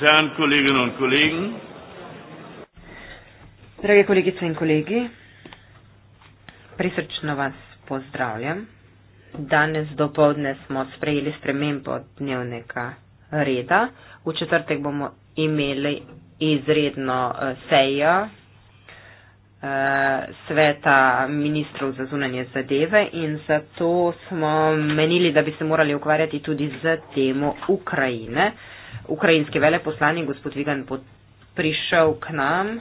Guten Tag, Kolleginnen und Kollegen. Drage kolegice in kolegi, prisrčno vas pozdravljam. Danes do povdne smo sprejeli spremembo dnevnega reda. V četrtek bomo imeli izredno eh, sejo eh, sveta ministrov za zunanje zadeve in zato smo menili, da bi se morali ukvarjati tudi z temo Ukrajine ukrajinski veleposlanik gospod Vigan prišel k nam,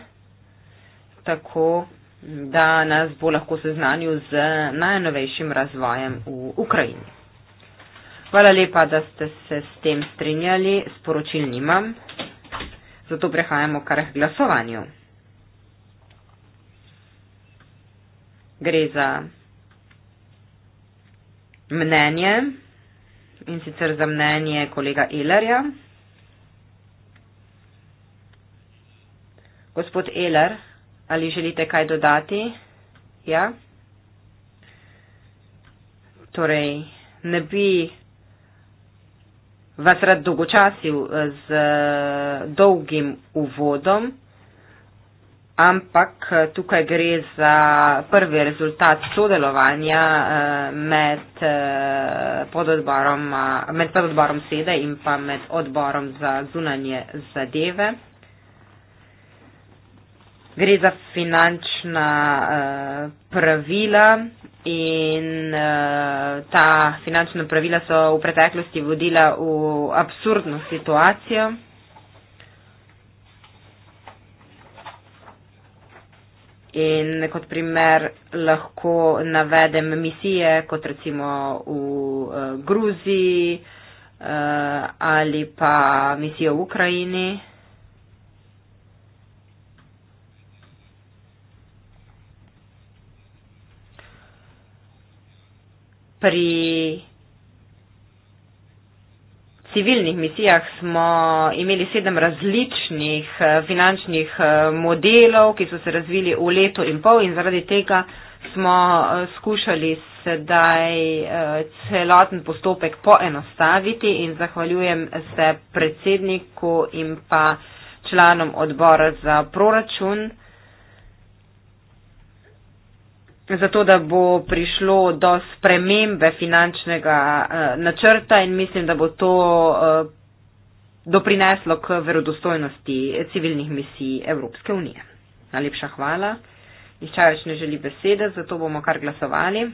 tako da nas bo lahko seznanil z najnovejšim razvojem v Ukrajini. Hvala lepa, da ste se s tem strinjali, sporočil nimam, zato prehajamo kar k glasovanju. Gre za mnenje in sicer za mnenje kolega Ilerja. Gospod Eler, ali želite kaj dodati? Ja. Torej, ne bi vas rad dolgočasil eh, z eh, dolgim uvodom, ampak eh, tukaj gre za prvi rezultat sodelovanja med pododbarom, med pododbarom sede in pa med odborom za zunanje zadeve gre za finančna uh, pravila in uh, ta finančna pravila so v preteklosti vodila v absurdno situacijo. In kot primer lahko navedem misije, kot recimo v uh, Gruziji uh, ali pa misijo v Ukrajini. pri civilnih misijah smo imeli sedem različnih eh, finančnih eh, modelov, ki so se razvili v leto in pol in zaradi tega smo eh, skušali sedaj celoten postopek poenostaviti in zahvaljujem se predsedniku in pa članom odbora za proračun zato da bo prišlo do spremembe finančnega uh, načrta in mislim, da bo to uh, doprineslo k verodostojnosti civilnih misij Evropske unije. Najlepša hvala. Nihče več ne želi besede, zato bomo kar glasovali.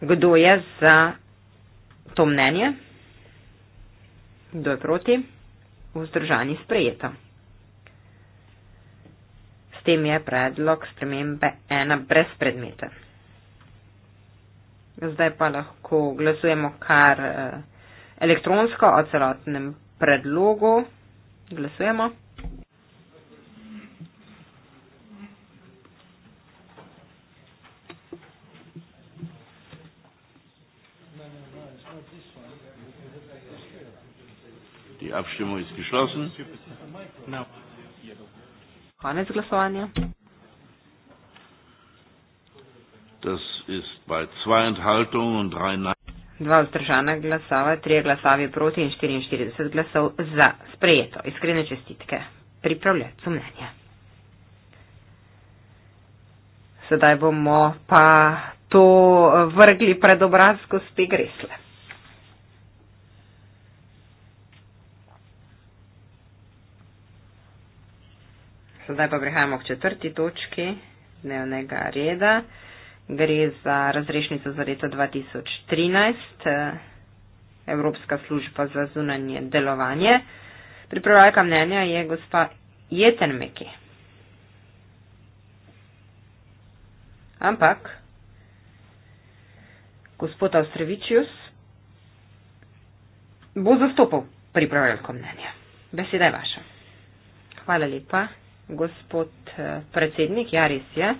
Kdo je za to mnenje? Kdo je proti? Vzdržani sprejeto. S tem je predlog spremembe ena brez predmeta. Zdaj pa lahko glasujemo kar eh, elektronsko o celotnem predlogu. Glasujemo. Die Abstimmung ist geschlossen. No. Konec glasovanja. Das ist bei zwei Enthaltungen und drei Dva vzdržana glasova, tri glasovi proti in 44 glasov za sprejeto. Iskrene čestitke pripravljajcu mnenja. Sedaj bomo pa to vrgli pred obraz gospe Gresle. Sedaj pa prihajamo k četrti točki dnevnega reda. Gre za razrešnico za leto 2013, eh, Evropska služba za zunanje delovanje. Pripravljalka mnenja je gospa Jetenmeki. Ampak, gospod Avstrevičius bo zastopal pripravljalko mnenja. Beseda je vaša. Hvala lepa gospod eh, predsednik, ja res je.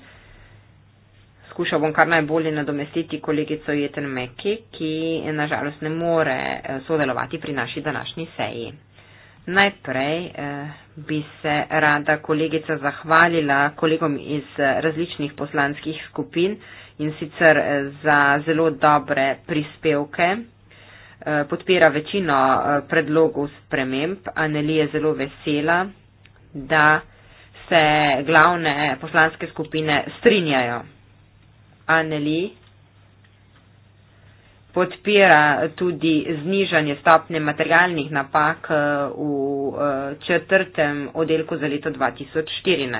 Skušal bom kar najbolje nadomestiti kolegico Jeten Meki, ki eh, nažalost ne more eh, sodelovati pri naši današnji seji. Najprej bi se rada kolegica zahvalila kolegom iz različnih poslanskih skupin in sicer za zelo dobre prispevke. Podpira večino predlogov sprememb. Anneli je zelo vesela, da se glavne poslanske skupine strinjajo. Anneli podpira tudi znižanje stopne materialnih napak eh, v eh, četrtem oddelku za leto 2014.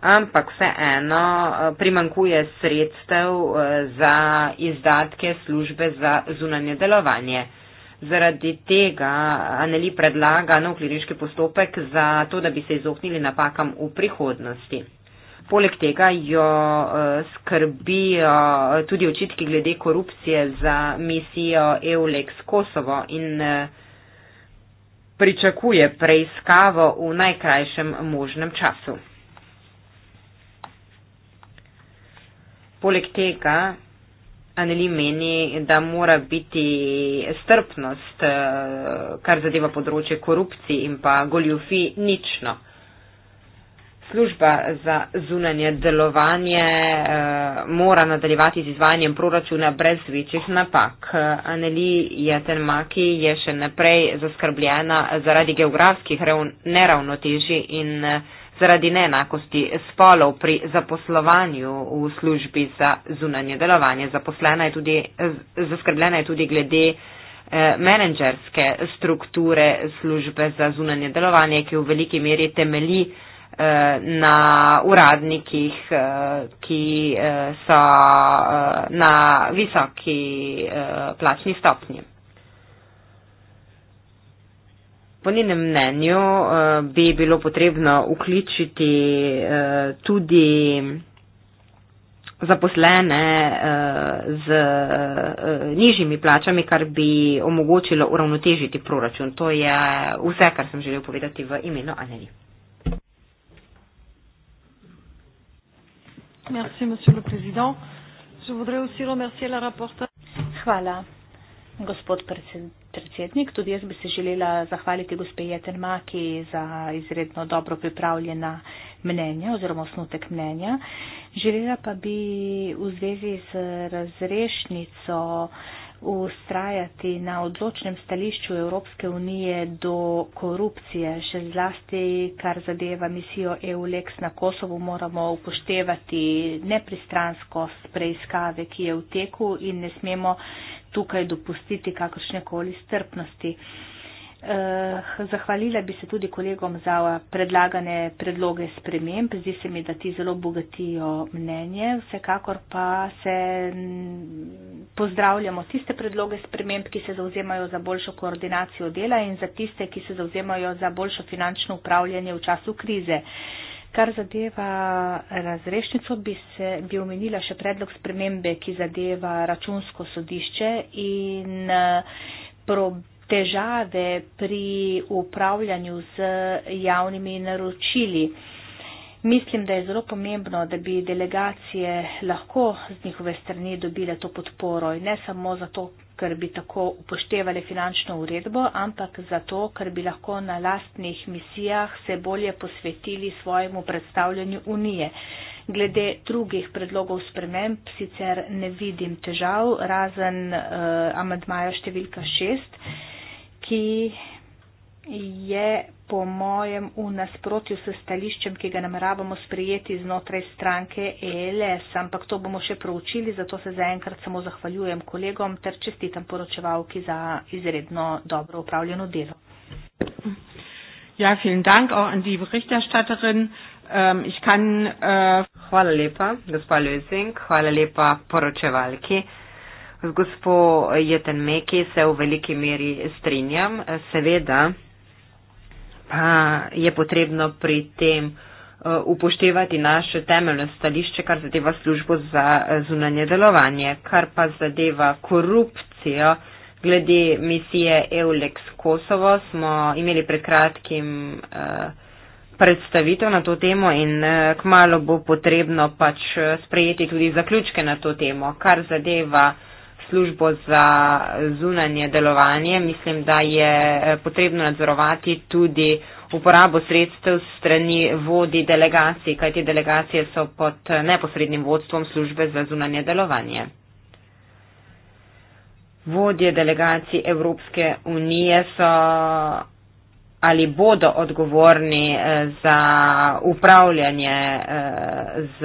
Ampak vseeno eh, primankuje sredstev za izdatke službe za zunanje delovanje. Zaradi tega Aneli predlaga nov kliniški postopek za to, da bi se izognili napakam v prihodnosti. Poleg tega jo e, skrbijo tudi očitki glede korupcije za misijo EULEX Kosovo in e, pričakuje preiskavo v najkrajšem možnem času. Poleg tega Anneli meni, da mora biti strpnost, eh, kar zadeva področje korupcije in pa goljufi, nično. Služba za zunanje delovanje eh, mora nadaljevati z izvajanjem proračuna brez večjih napak. Anneli Jatenmaki je še naprej zaskrbljena zaradi geografskih neravnotežij in eh, zaradi neenakosti spolov pri zaposlovanju v službi za zunanje delovanje. Zaposlena je tudi, zaskrbljena je tudi glede eh, menedžerske strukture službe za zunanje delovanje, ki v veliki meri temeli eh, na uradnikih, eh, ki so na visoki plačni stopnji. Po njenem mnenju eh, bi bilo potrebno vključiti eh, tudi zaposlene eh, z nižjimi plačami, kar bi omogočilo uravnotežiti proračun. To je vse, kar sem želel povedati v imenu Aneli. Merci, monsieur le président. Je voudrais aussi remercier la rapporteure. Hvala, gospod predsednik predsednik. Tudi jaz bi se želela zahvaliti gospe Jeten Maki za izredno dobro pripravljena mnenja oziroma osnutek mnenja. Želela pa bi v zvezi z razrešnico ustrajati na odločnem stališču Evropske unije do korupcije, še zlasti kar zadeva misijo EULEX na Kosovo, moramo upoštevati nepristranskost preiskave, ki je v teku in ne smemo tukaj dopustiti kakršne koli strpnosti. Eh, zahvalila bi se tudi kolegom za predlagane predloge sprememb. Zdi se mi, da ti zelo bogatijo mnenje. Vsekakor pa se mm, pozdravljamo tiste predloge sprememb, ki se zauzemajo za boljšo koordinacijo dela in za tiste, ki se zauzemajo za boljšo finančno upravljanje v času krize. Eh, Kar zadeva razrešnico, bi, se, bi omenila še predlog spremembe, ki zadeva računsko sodišče in eh, težave pri upravljanju z javnimi naročili. Mislim, da je zelo pomembno, da bi delegacije lahko z njihove strani dobile to podporo in ne samo zato, ker bi tako upoštevali finančno uredbo, ampak zato, ker bi lahko na lastnih misijah se bolje posvetili svojemu predstavljanju Unije. Glede drugih predlogov sprememb sicer ne vidim težav, razen eh, amadmaja številka 6, ki je po mojem v nasprotju s stališčem, ki ga nameravamo sprijeti znotraj stranke ELS, ampak to bomo še proučili, zato se zaenkrat samo zahvaljujem kolegom ter čestitam poročevalki za izredno dobro upravljeno delo. Ja, vielen Dank auch an die Berichterstatterin. Ähm, ich kann, äh hvala lepa, gospa Lösing, hvala lepa poročevalki. Z gospo Jeten Meki se v veliki meri strinjam. Seveda, pa je potrebno pri tem eh, upoštevati naše temeljno stališče, kar zadeva službo za eh, zunanje delovanje, kar pa zadeva korupcijo. Glede misije Eulex Kosovo smo imeli pred kratkim eh, predstavitev na to temo in kmalo bo potrebno pač sprejeti tudi zaključke na to temo, kar zadeva službo za zunanje delovanje, mislim, da je eh, potrebno nadzorovati tudi uporabo sredstev strani vodi delegacij, kajti delegacije so pod eh, neposrednim vodstvom službe za zunanje delovanje. Vodje delegacij Evropske unije so ali bodo odgovorni eh, za upravljanje z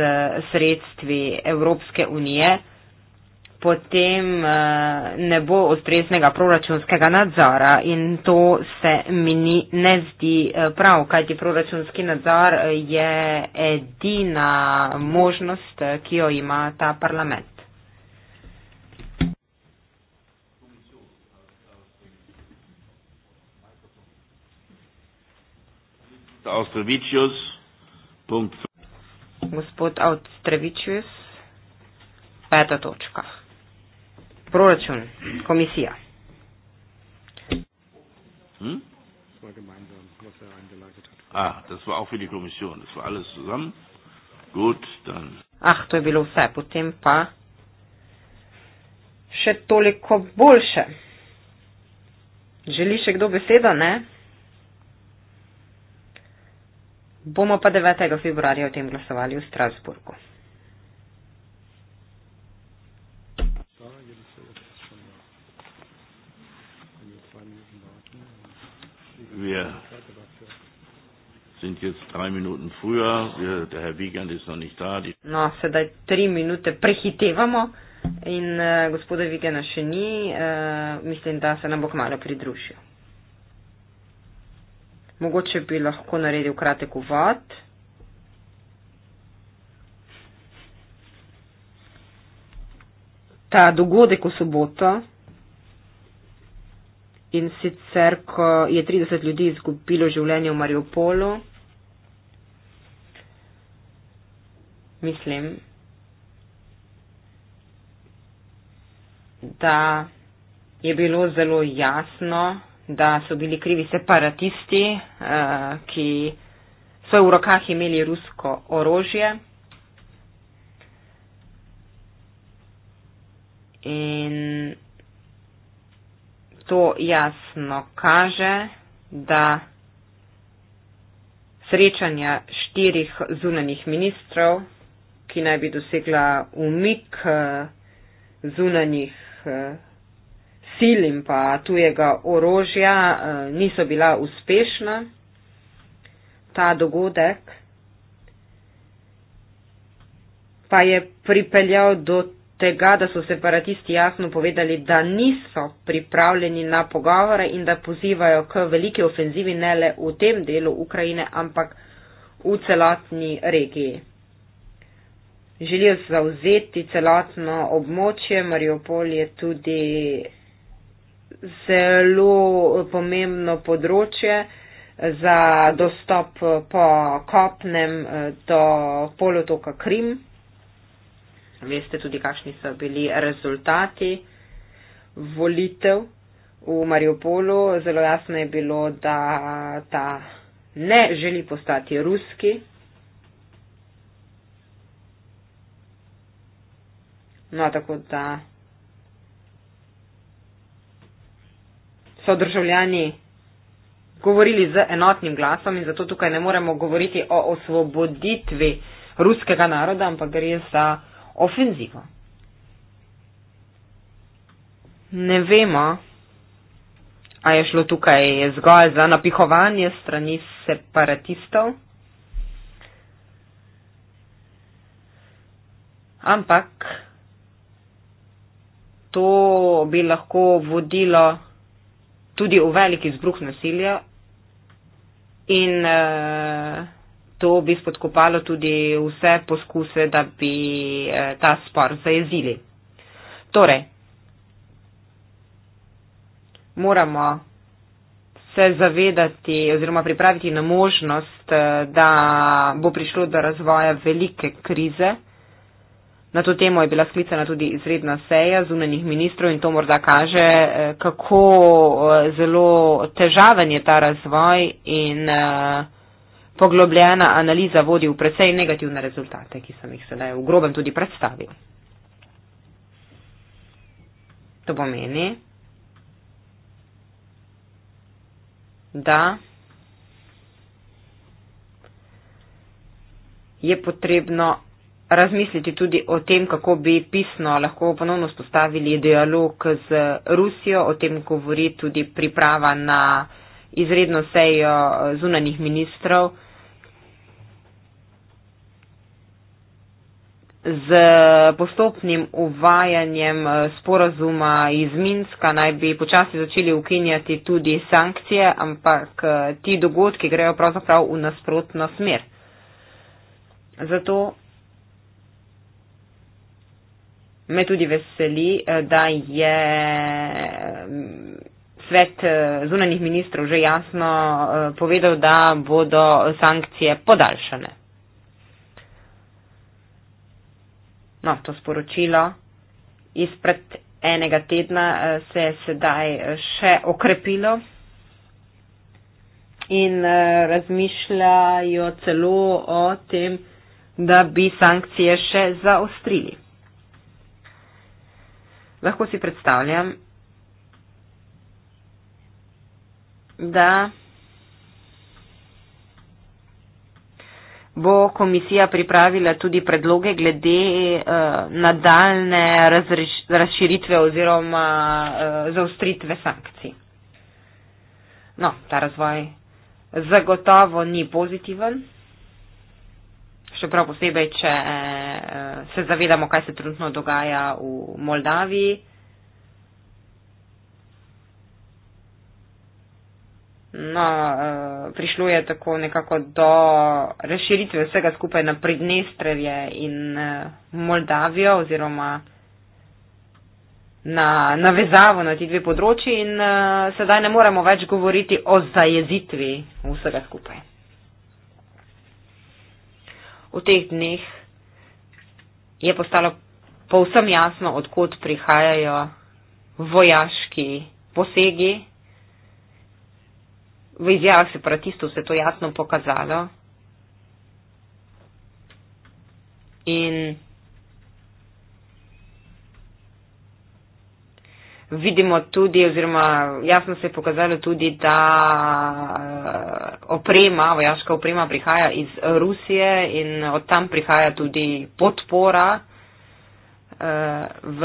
sredstvi Evropske unije potem uh, ne bo ustreznega proračunskega nadzora in to se mi ni, ne zdi eh, prav, kajti proračunski nadzor eh, je edina možnost, ki jo ima ta parlament. Austrovičius. Gospod Austrovičius, peta točka proračun, komisija. Hm? Ah, ah, to je bilo vse, potem pa še toliko boljše. Želi še kdo besedo, ne? Bomo pa 9. februarja o tem glasovali v Strasburgu. wir sind jetzt drei Minuten früher, wir, der Herr Wiegand ist noch nicht da. Die no, sedaj tri minute prehitevamo in uh, gospoda Wiegana še ni, uh, mislim, da se nam bo kmalo pridružil. Mogoče bi lahko naredil kratek uvod. Ta dogodek v soboto in sicer, ko je 30 ljudi izgubilo življenje v Mariupolu. Mislim, da je bilo zelo jasno, da so bili krivi separatisti, eh, ki so v rokah imeli rusko orožje. In to jasno kaže, da srečanja štirih zunanih ministrov, ki naj bi dosegla umik eh, zunanih eh, sil in pa tujega orožja, eh, niso bila uspešna. Ta dogodek pa je pripeljal do tega, da so separatisti jasno povedali, da niso pripravljeni na pogovore in da pozivajo k veliki ofenzivi ne le v tem delu Ukrajine, ampak v celotni regiji. Želijo zauzeti celotno območje, Mariupol je tudi zelo pomembno področje za dostop po kopnem eh, do polotoka Krim veste tudi, kakšni so bili rezultati volitev v Mariupolu. Zelo jasno je bilo, da ta ne želi postati ruski. No, tako da so državljani govorili z enotnim glasom in zato tukaj ne moremo govoriti o osvoboditvi ruskega naroda, ampak gre za ofenzivo. Ne vemo, a je šlo tukaj zgolj za napihovanje strani separatistov. Ampak to bi lahko vodilo tudi v velik izbruh nasilja in eh, to bi spodkopalo tudi vse poskuse, da bi eh, ta spor zajezili. Torej, moramo se zavedati oziroma pripraviti na možnost, eh, da bo prišlo do razvoja velike krize. Na to temo je bila sklicana tudi izredna seja zunanih ministrov in to morda kaže, eh, kako zelo težaven je ta razvoj in uh, poglobljena analiza vodi v precej negativne rezultate, ki sem jih sedaj v grobem tudi predstavil. To pomeni, da je potrebno razmisliti tudi o tem, kako bi pisno lahko ponovno spostavili dialog z Rusijo, o tem govori tudi priprava na izredno sejo eh, zunanih ministrov z postopnim uvajanjem eh, sporazuma iz Minska. Naj bi počasi začeli ukinjati tudi sankcije, ampak eh, ti dogodki grejo pravzaprav v nasprotno smer. Zato me tudi veseli, da je svet eh, zunanih ministrov že jasno eh, povedal, da bodo sankcije podaljšane. No, to sporočilo izpred enega tedna eh, se je sedaj še okrepilo in razmišljajo celo o tem, da bi sankcije še zaostrili. Lahko si predstavljam, da bo komisija pripravila tudi predloge glede uh, nadaljne razreš, razširitve oziroma uh, eh, zaustritve sankcij. No, ta razvoj zagotovo ni pozitiven, še prav posebej, če uh, se zavedamo, kaj se trenutno dogaja v Moldaviji. no, eh, prišlo je tako nekako do razširitve vsega skupaj na Pridnestrevje in eh, Moldavijo oziroma na navezavo na ti dve področji in eh, sedaj ne moremo več govoriti o zajezitvi vsega skupaj. V teh dneh je postalo povsem jasno, odkot prihajajo vojaški posegi v izjavah separatistov se to jasno pokazalo. In vidimo tudi, oziroma jasno se je pokazalo tudi, da eh, oprema, vojaška oprema prihaja iz Rusije in od tam prihaja tudi podpora uh, v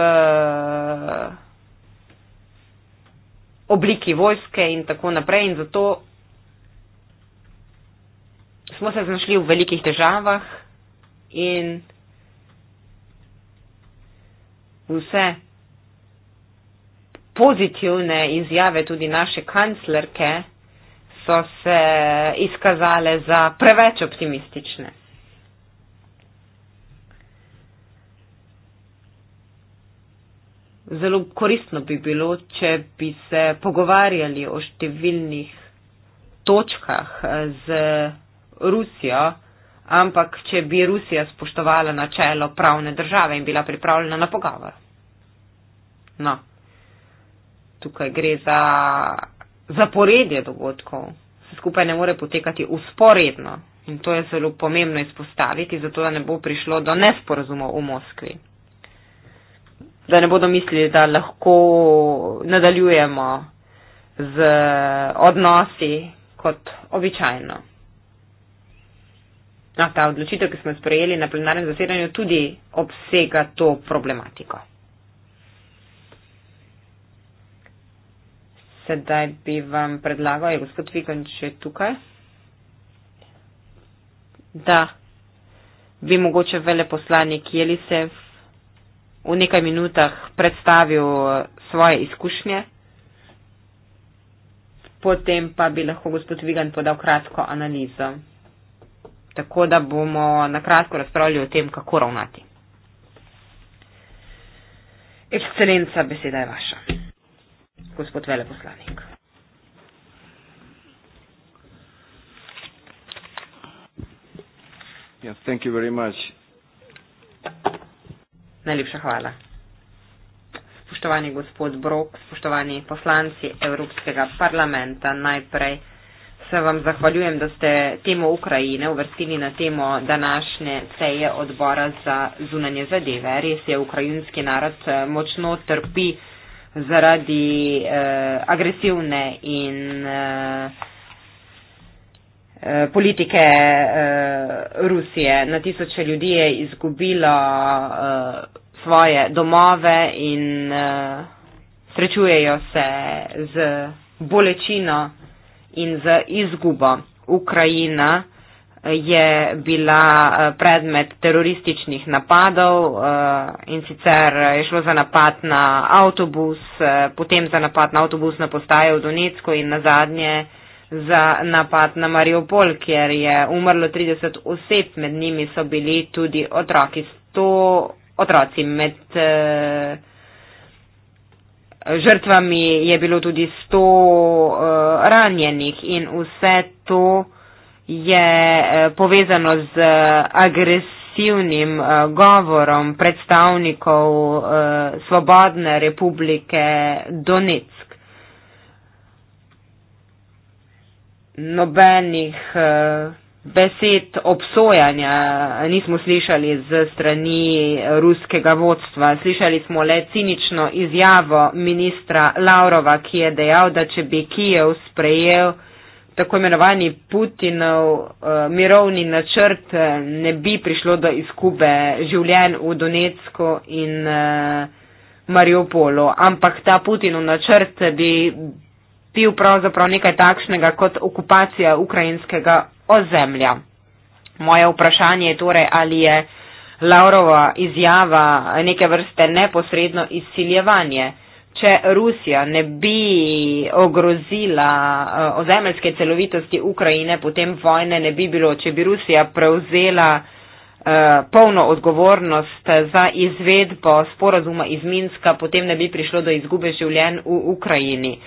obliki vojske in tako naprej. In zato smo se znašli v velikih težavah in vse pozitivne izjave tudi naše kanclerke so se izkazale za preveč optimistične. zelo koristno bi bilo, če bi se pogovarjali o številnih točkah eh, z Rusijo, ampak če bi Rusija spoštovala načelo pravne države in bila pripravljena na pogovor. No, tukaj gre za zaporedje dogodkov. Se skupaj ne more potekati usporedno. In to je zelo pomembno izpostaviti, zato da ne bo prišlo do nesporazumov v Moskvi da ne bodo mislili, da lahko nadaljujemo z odnosi kot običajno. No, ta odločitev, ki smo jo sprejeli na plenarnem zasedanju, tudi obsega to problematiko. Sedaj bi vam predlagal, je gospod Vikon še tukaj, da bi mogoče veleposlanik Jelisev v nekaj minutah predstavil eh, svoje izkušnje, potem pa bi lahko gospod Vigan podal kratko analizo. Tako da bomo na kratko razpravljali o tem, kako ravnati. Ekscelenca, beseda je vaša. Gospod veleposlanik. Yes, thank you very much. Najlepša hvala. Spoštovani gospod Brok, spoštovani poslanci Evropskega parlamenta, najprej se vam zahvaljujem, da ste temo Ukrajine uvrstili na temo današnje seje odbora za zunanje zadeve. Res je, ukrajinski narod eh, močno trpi zaradi eh, agresivne in. Eh, Eh, politike eh, Rusije. Na tisoče ljudi je izgubilo eh, svoje domove in srečujejo se z bolečino in z izgubo. Ukrajina je bila predmet terorističnih napadov in sicer je šlo za napad na avtobus, potem za napad na avtobus na postajo v Donetsko in na zadnje za napad na Mariupol, kjer je umrlo 30 oseb, med njimi so bili tudi otroki, 100 otroci. Med eh, žrtvami je bilo tudi 100 eh, ranjenih in vse to je eh, povezano z eh, agresivnim eh, govorom predstavnikov eh, Svobodne republike Donic. nobenih eh, besed obsojanja nismo slišali z strani ruskega vodstva. Slišali smo le cinično izjavo ministra Laurova, ki je dejal, da če bi Kijev sprejel tako imenovani Putinov eh, mirovni načrt, eh, ne bi prišlo do izgube življenj v Donetsku in Mariupolu. Ampak ta Putinov načrt bi bil pravzaprav nekaj takšnega kot okupacija ukrajinskega ozemlja. Moje vprašanje je torej, ali je Laurova izjava neke vrste neposredno izsiljevanje. Če Rusija ne bi ogrozila eh, ozemeljske celovitosti Ukrajine, potem vojne ne bi bilo. Če bi Rusija prevzela eh, polno odgovornost za izvedbo sporazuma iz Minska, potem ne bi prišlo do izgube življenj v Ukrajini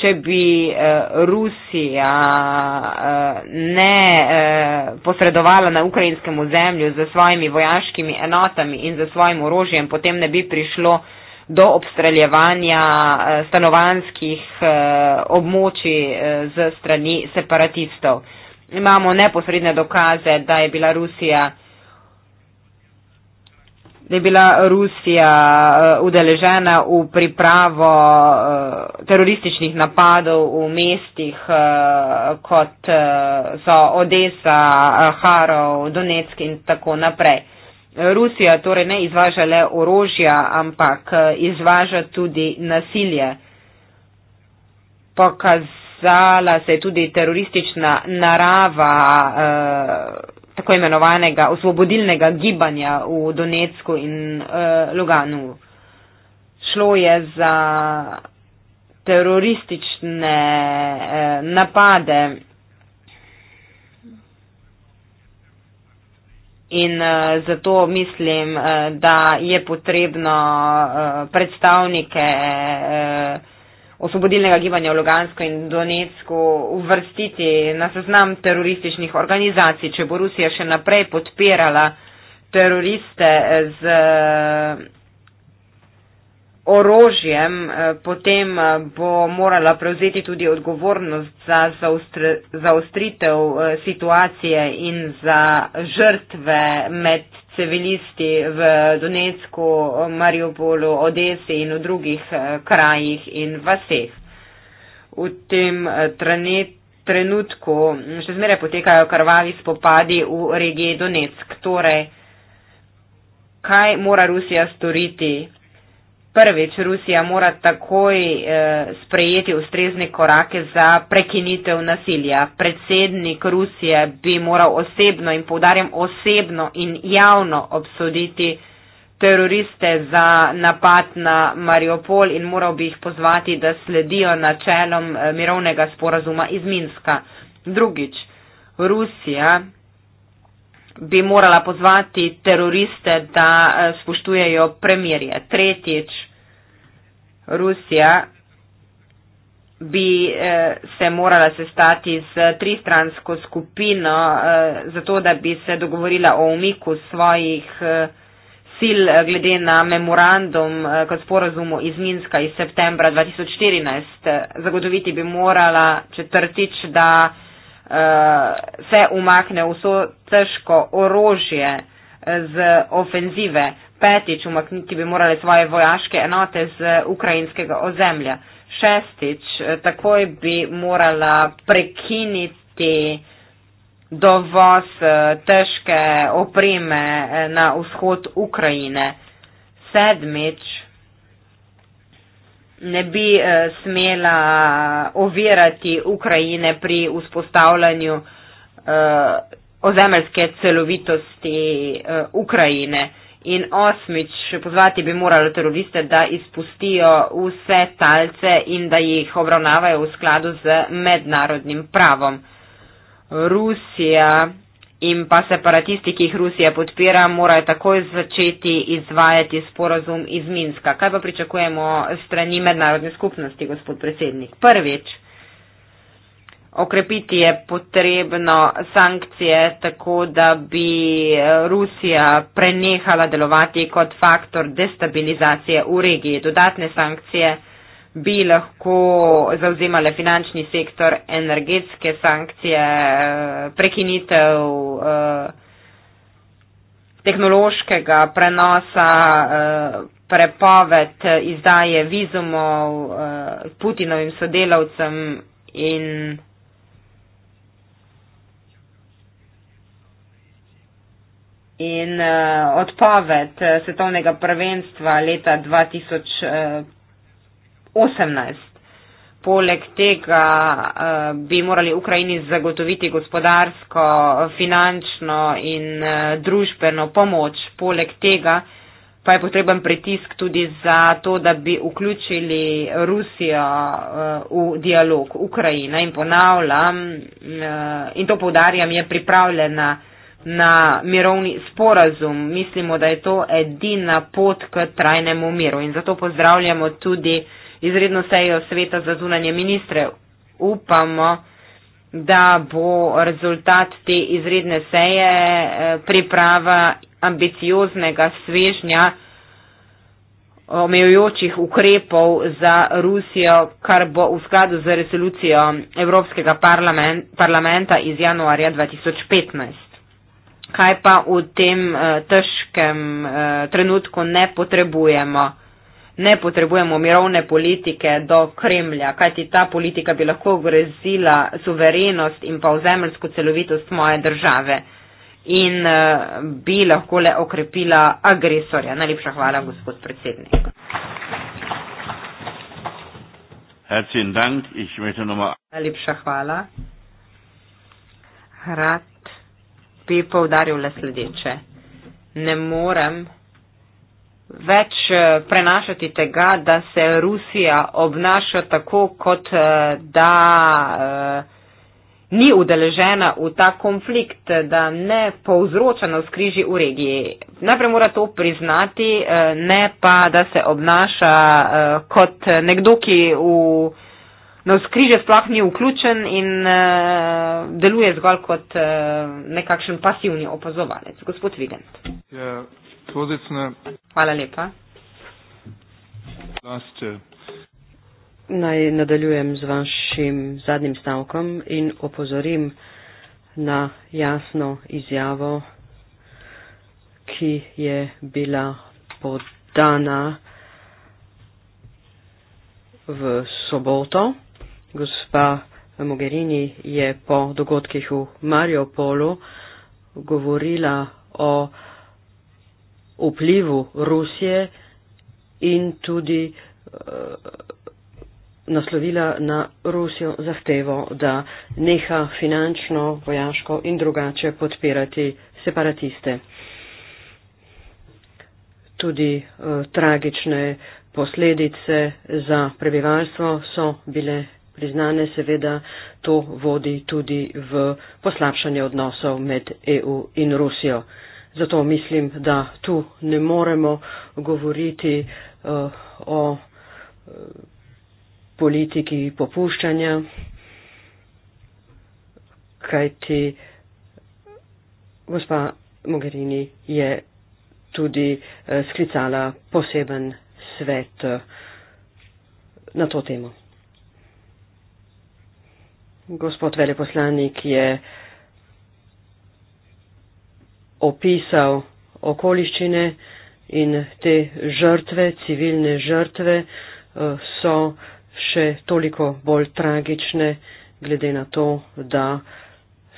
če bi eh, Rusija eh, ne eh, posredovala na ukrajinskem ozemlju z svojimi vojaškimi enotami in z svojim orožjem, potem ne bi prišlo do obstreljevanja stanovanskih območij z strani separatistov. Imamo neposredne dokaze, da je bila Rusija da je bila Rusija eh, udeležena v pripravo eh, terorističnih napadov v mestih eh, kot so Odessa, Harov, Donetsk in tako naprej. Rusija torej ne izvaža le orožja, ampak izvaža tudi nasilje. Pokazala se je tudi teroristična narava. Uh, tako imenovanega osvobodilnega gibanja v Donetsku in uh, Luganu. Šlo je za teroristične uh, napade in uh, zato mislim, uh, da je potrebno uh, predstavnike uh, osvobodilnega gibanja v Lugansko in Donetsku uvrstiti na seznam terorističnih organizacij, če bo Rusija še naprej podpirala teroriste z eh, orožjem, eh, potem eh, bo morala prevzeti tudi odgovornost za zaustritev situacije in za žrtve med civilisti v Donetsku, Mariupolu, Odesi in v drugih eh, krajih in vaseh. V tem eh, trenutku še zmeraj potekajo krvavi spopadi v regiji Donetsk. Torej, kaj mora Rusija storiti? Prvič, Rusija mora takoj eh, sprejeti ustrezne korake za prekinitev nasilja. Predsednik Rusije bi moral osebno in povdarjam osebno in javno obsoditi teroriste za napad na Mariupol in moral bi jih pozvati, da sledijo načelom eh, mirovnega sporazuma iz Minska. Drugič, Rusija bi morala pozvati teroriste, da eh, spoštujejo premirje. Tretjič, Rusija bi eh, se morala sestati z tristransko skupino, eh, zato da bi se dogovorila o umiku svojih sil glede na memorandum kot sporozumu iz Minska iz septembra 2014. Zagotoviti bi morala četrtič, da se umakne vso težko orožje eh, z ofenzive, petič umakniti bi morali svoje vojaške enote z ukrajinskega ozemlja, šestič eh, takoj bi morala prekiniti dovoz eh, težke opreme na vzhod Ukrajine, sedmič ne bi eh, smela ovirati Ukrajine pri vzpostavljanju eh, ozemeljske celovitosti eh, Ukrajine. In osmič, pozvati bi morali teroriste, da izpustijo vse talce in da jih obravnavajo v skladu z mednarodnim pravom. Rusija in pa separatisti, ki jih Rusija podpira, morajo takoj začeti izvajati sporazum iz Minska. Kaj pa pričakujemo strani mednarodne skupnosti, gospod predsednik? Prvič, okrepiti je potrebno sankcije tako, da bi Rusija prenehala delovati kot faktor destabilizacije v regiji. Dodatne sankcije bi lahko zauzemale finančni sektor, energetske sankcije, eh, prekinitev eh, tehnološkega prenosa, eh, prepoved izdaje vizumov Putinovim sodelavcem in In uh, odpoved uh, svetovnega prvenstva leta 2015. Uh 18. Poleg tega eh, bi morali Ukrajini zagotoviti gospodarsko, finančno in eh, družbeno pomoč. Poleg tega pa je potreben pritisk tudi za to, da bi vključili Rusijo eh, v dialog Ukrajina in ponavljam, in to povdarjam, je pripravljena na mirovni sporazum. Mislimo, da je to edina pot k trajnemu miru in zato pozdravljamo tudi izredno sejo sveta za zunanje ministre. Upamo, da bo rezultat te izredne seje eh, priprava ambicioznega svežnja omejujočih ukrepov za Rusijo, kar bo v skladu z resolucijo Evropskega parlament, parlamenta iz januarja 2015. Kaj pa v tem eh, težkem eh, trenutku ne potrebujemo? ne potrebujemo mirovne politike do Kremlja, kajti ta politika bi lahko grezila suverenost in pa ozemljsko celovitost moje države in eh, bi lahko le okrepila agresorja. Najlepša hvala, gospod predsednik. Herzlichen Dank, ich möchte nochmal. Hvala. Rad bi poudaril le sledeče. Ne morem več eh, prenašati tega, da se Rusija obnaša tako, kot eh, da eh, ni udeležena v ta konflikt, da ne povzroča na skriži v regiji. Najprej mora to priznati, ne pa, da se obnaša kot nekdo, ki v na skriže sploh ni vključen in deluje zgolj kot nekakšen pasivni opazovalec. Gospod Vigent. Yeah. Ja, Podpredsednica. Hvala lepa. Lastje. Eh, Naj nadaljujem z vašim zadnjim stavkom in opozorim na jasno izjavo, ki je bila podana v soboto. Gospa Mogherini je po dogodkih v Mariupolu govorila o vplivu Rusije in tudi uh, naslovila na Rusijo zahtevo, da neha finančno, vojaško in drugače podpirati separatiste. Tudi uh, tragične posledice za prebivalstvo so bile priznane, seveda to vodi tudi v poslabšanje odnosov med EU in Rusijo. Zato mislim, da tu ne moremo govoriti uh, o eh, politiki popuščanja, kajti gospa Mogherini je tudi uh, sklicala poseben svet uh, na to temo. Gospod veleposlanik je uh, opisal okoliščine in te žrtve, civilne žrtve, eh, so še toliko bolj tragične, glede na to, da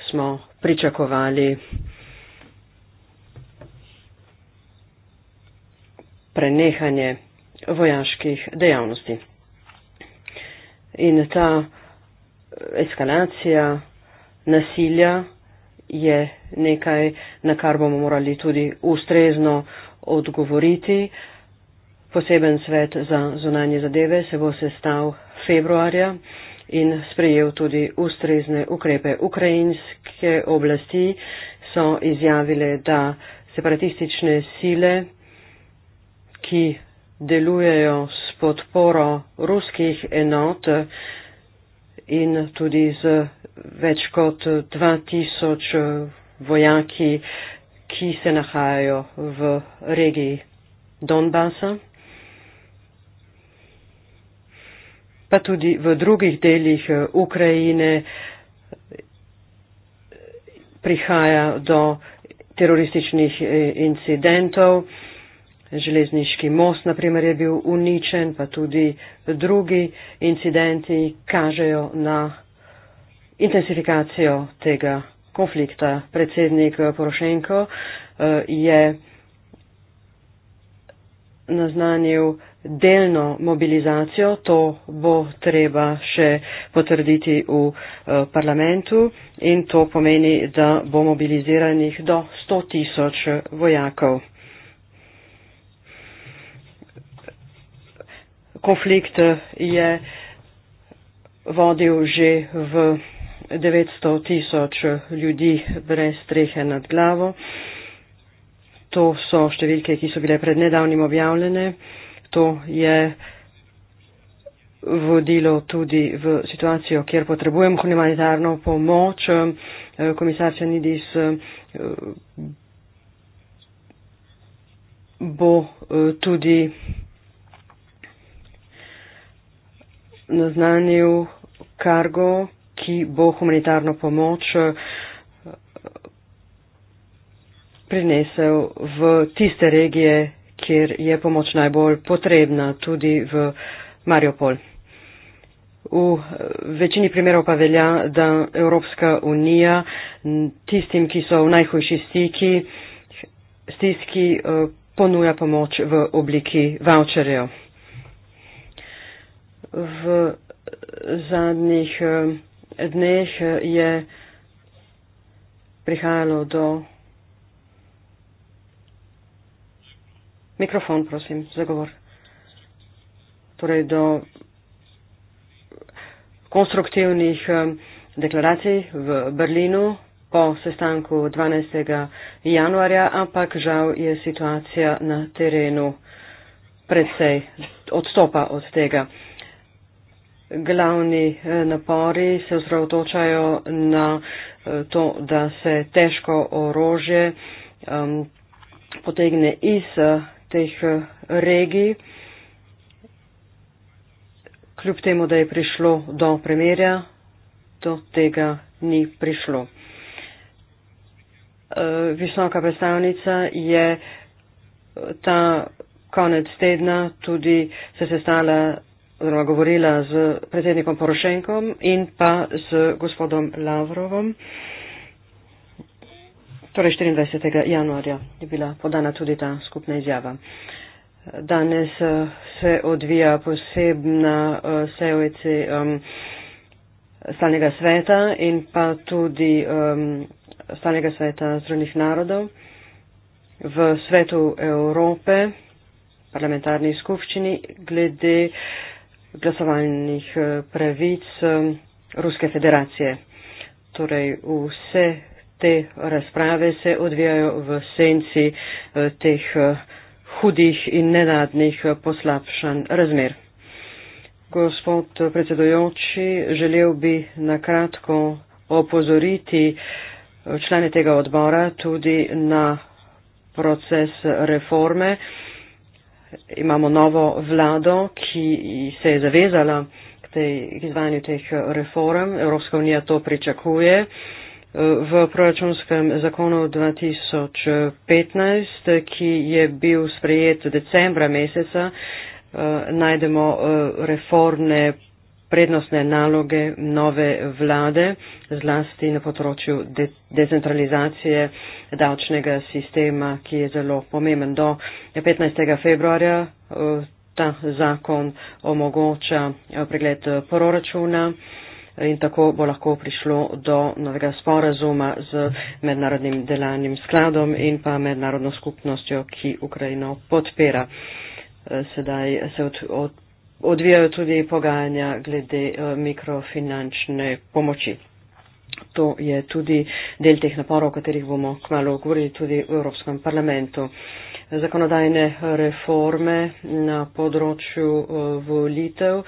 smo pričakovali prenehanje vojaških dejavnosti. In ta eskalacija nasilja je nekaj, na kar bomo morali tudi ustrezno odgovoriti. Poseben svet za zunanje zadeve se bo sestav februarja in sprejel tudi ustrezne ukrepe. Ukrajinske oblasti so izjavile, da separatistične sile, ki delujejo s podporo ruskih enot, in tudi z več kot 2000 eh, vojaki, ki se nahajajo v regiji Donbasa, pa tudi v drugih delih eh, Ukrajine prihaja do terorističnih eh, incidentov železniški most, naprimer, je bil uničen, pa tudi drugi incidenti kažejo na intensifikacijo tega konflikta. Predsednik Porošenko eh, je naznanil delno mobilizacijo, to bo treba še potrditi v eh, parlamentu in to pomeni, da bo mobiliziranih do 100 tisoč vojakov. konflikt eh, je vodil že v 900 tisoč ljudi brez strehe nad glavo. To so številke, ki so bile pred nedavnim objavljene. To je vodilo tudi v situacijo, kjer potrebujemo humanitarno pomoč. Eh, komisar Čanidis eh, bo tudi naznanil kargo, ki bo humanitarno pomoč eh, prinesel v tiste regije, kjer je pomoč najbolj potrebna, tudi v Mariupol. V eh, večini primerov pa velja, da Evropska unija tistim, ki so v najhujši stiki, stiski eh, ponuja pomoč v obliki voucherjev v zadnjih eh, dneh eh, je prihajalo do. Mikrofon, prosim, zagovor. Torej do konstruktivnih eh, deklaracij v Berlinu po sestanku 12. januarja, ampak žal je situacija na terenu predvsej odstopa od tega glavni eh, napori se osredotočajo na eh, to, da se težko orožje um, potegne iz eh, teh regij, kljub temu, da je prišlo do premirja, do tega ni prišlo. Visoka predstavnica je ta konec tedna tudi se sestala oziroma govorila z predsednikom Porošenkom in pa z gospodom Lavrovom. Torej 24. januarja je bila podana tudi ta skupna izjava. Danes eh, se odvija posebna eh, seja OEC um, stalnega sveta in pa tudi um, stalnega sveta zdravnih narodov v svetu Evrope, parlamentarni skupščini, glede uh, glasovalnih eh, pravic eh, Ruske federacije. Torej, vse te razprave se odvijajo v senci eh, teh hudih in nenadnih poslabšan razmer. Gospod predsedojoči, želel bi nakratko opozoriti člane tega odbora tudi na proces reforme, imamo novo vlado, ki se je zavezala k, tej, k izvanju teh eh, reform. Evropska unija to pričakuje. Eh, v proračunskem zakonu 2015, ki je bil sprejet decembra meseca, eh, najdemo reformne prednostne naloge nove vlade, zlasti na področju de decentralizacije davčnega sistema, ki je zelo pomemben. Do 15. februarja eh, ta zakon omogoča eh, pregled eh, proračuna. In tako bo lahko prišlo do novega sporazuma z mednarodnim delanjem skladom in pa mednarodno skupnostjo, ki Ukrajino podpira. Sedaj se od, od, odvijajo tudi pogajanja glede eh, mikrofinančne pomoči. To je tudi del teh naporov, o katerih bomo kmalo govorili tudi v Evropskem parlamentu. Zakonodajne reforme na področju eh, volitev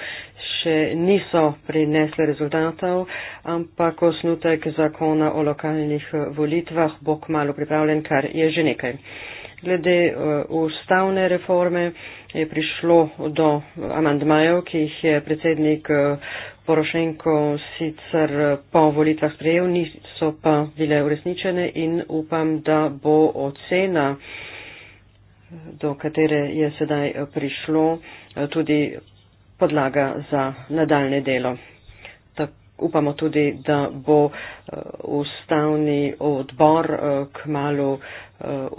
še niso prinesle rezultatov, ampak osnutek zakona o lokalnih eh, volitvah bo kmalo pripravljen, kar je že nekaj glede eh, ustavne reforme je prišlo do amandmajev, ki jih je predsednik eh, Porošenko sicer eh, po volitvah sprejel, niso pa bile uresničene in upam, da bo ocena, do katere je sedaj prišlo, tudi podlaga za nadaljne delo. Upamo tudi, da bo ustavni odbor k malu uh,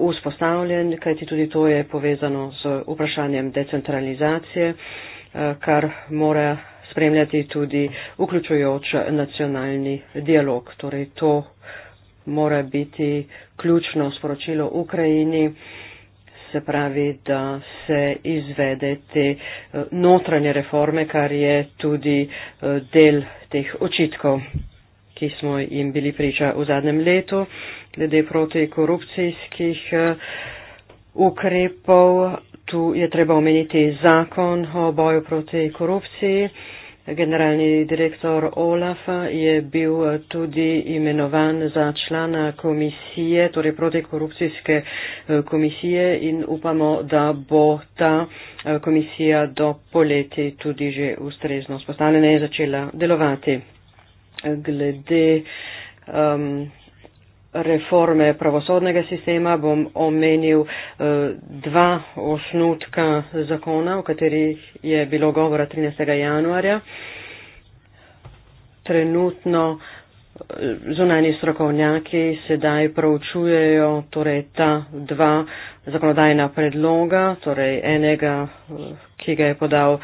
Uh, vzpostavljen, kajti tudi to je povezano z vprašanjem decentralizacije, uh, kar mora spremljati tudi vključujoč nacionalni dialog. Torej to mora biti ključno sporočilo Ukrajini, se pravi, da se izvede te uh, notranje reforme, kar je tudi del teh očitkov ki smo jim bili priča v zadnjem letu, glede proti korupcijskih eh, ukrepov. Tu je treba omeniti zakon o boju proti korupciji. Generalni direktor Olaf je bil eh, tudi imenovan za člana komisije, torej protikorupcijske eh, komisije in upamo, da bo ta komisija do poleti tudi že ustrezno spostavljena in začela delovati glede um, reforme pravosodnega sistema bom omenil uh, dva osnutka zakona, o katerih je bilo govora 13. januarja. Trenutno uh, zunani strokovnjaki sedaj proučujejo torej, ta dva zakonodajna predloga, torej enega, uh, ki ga je podal uh,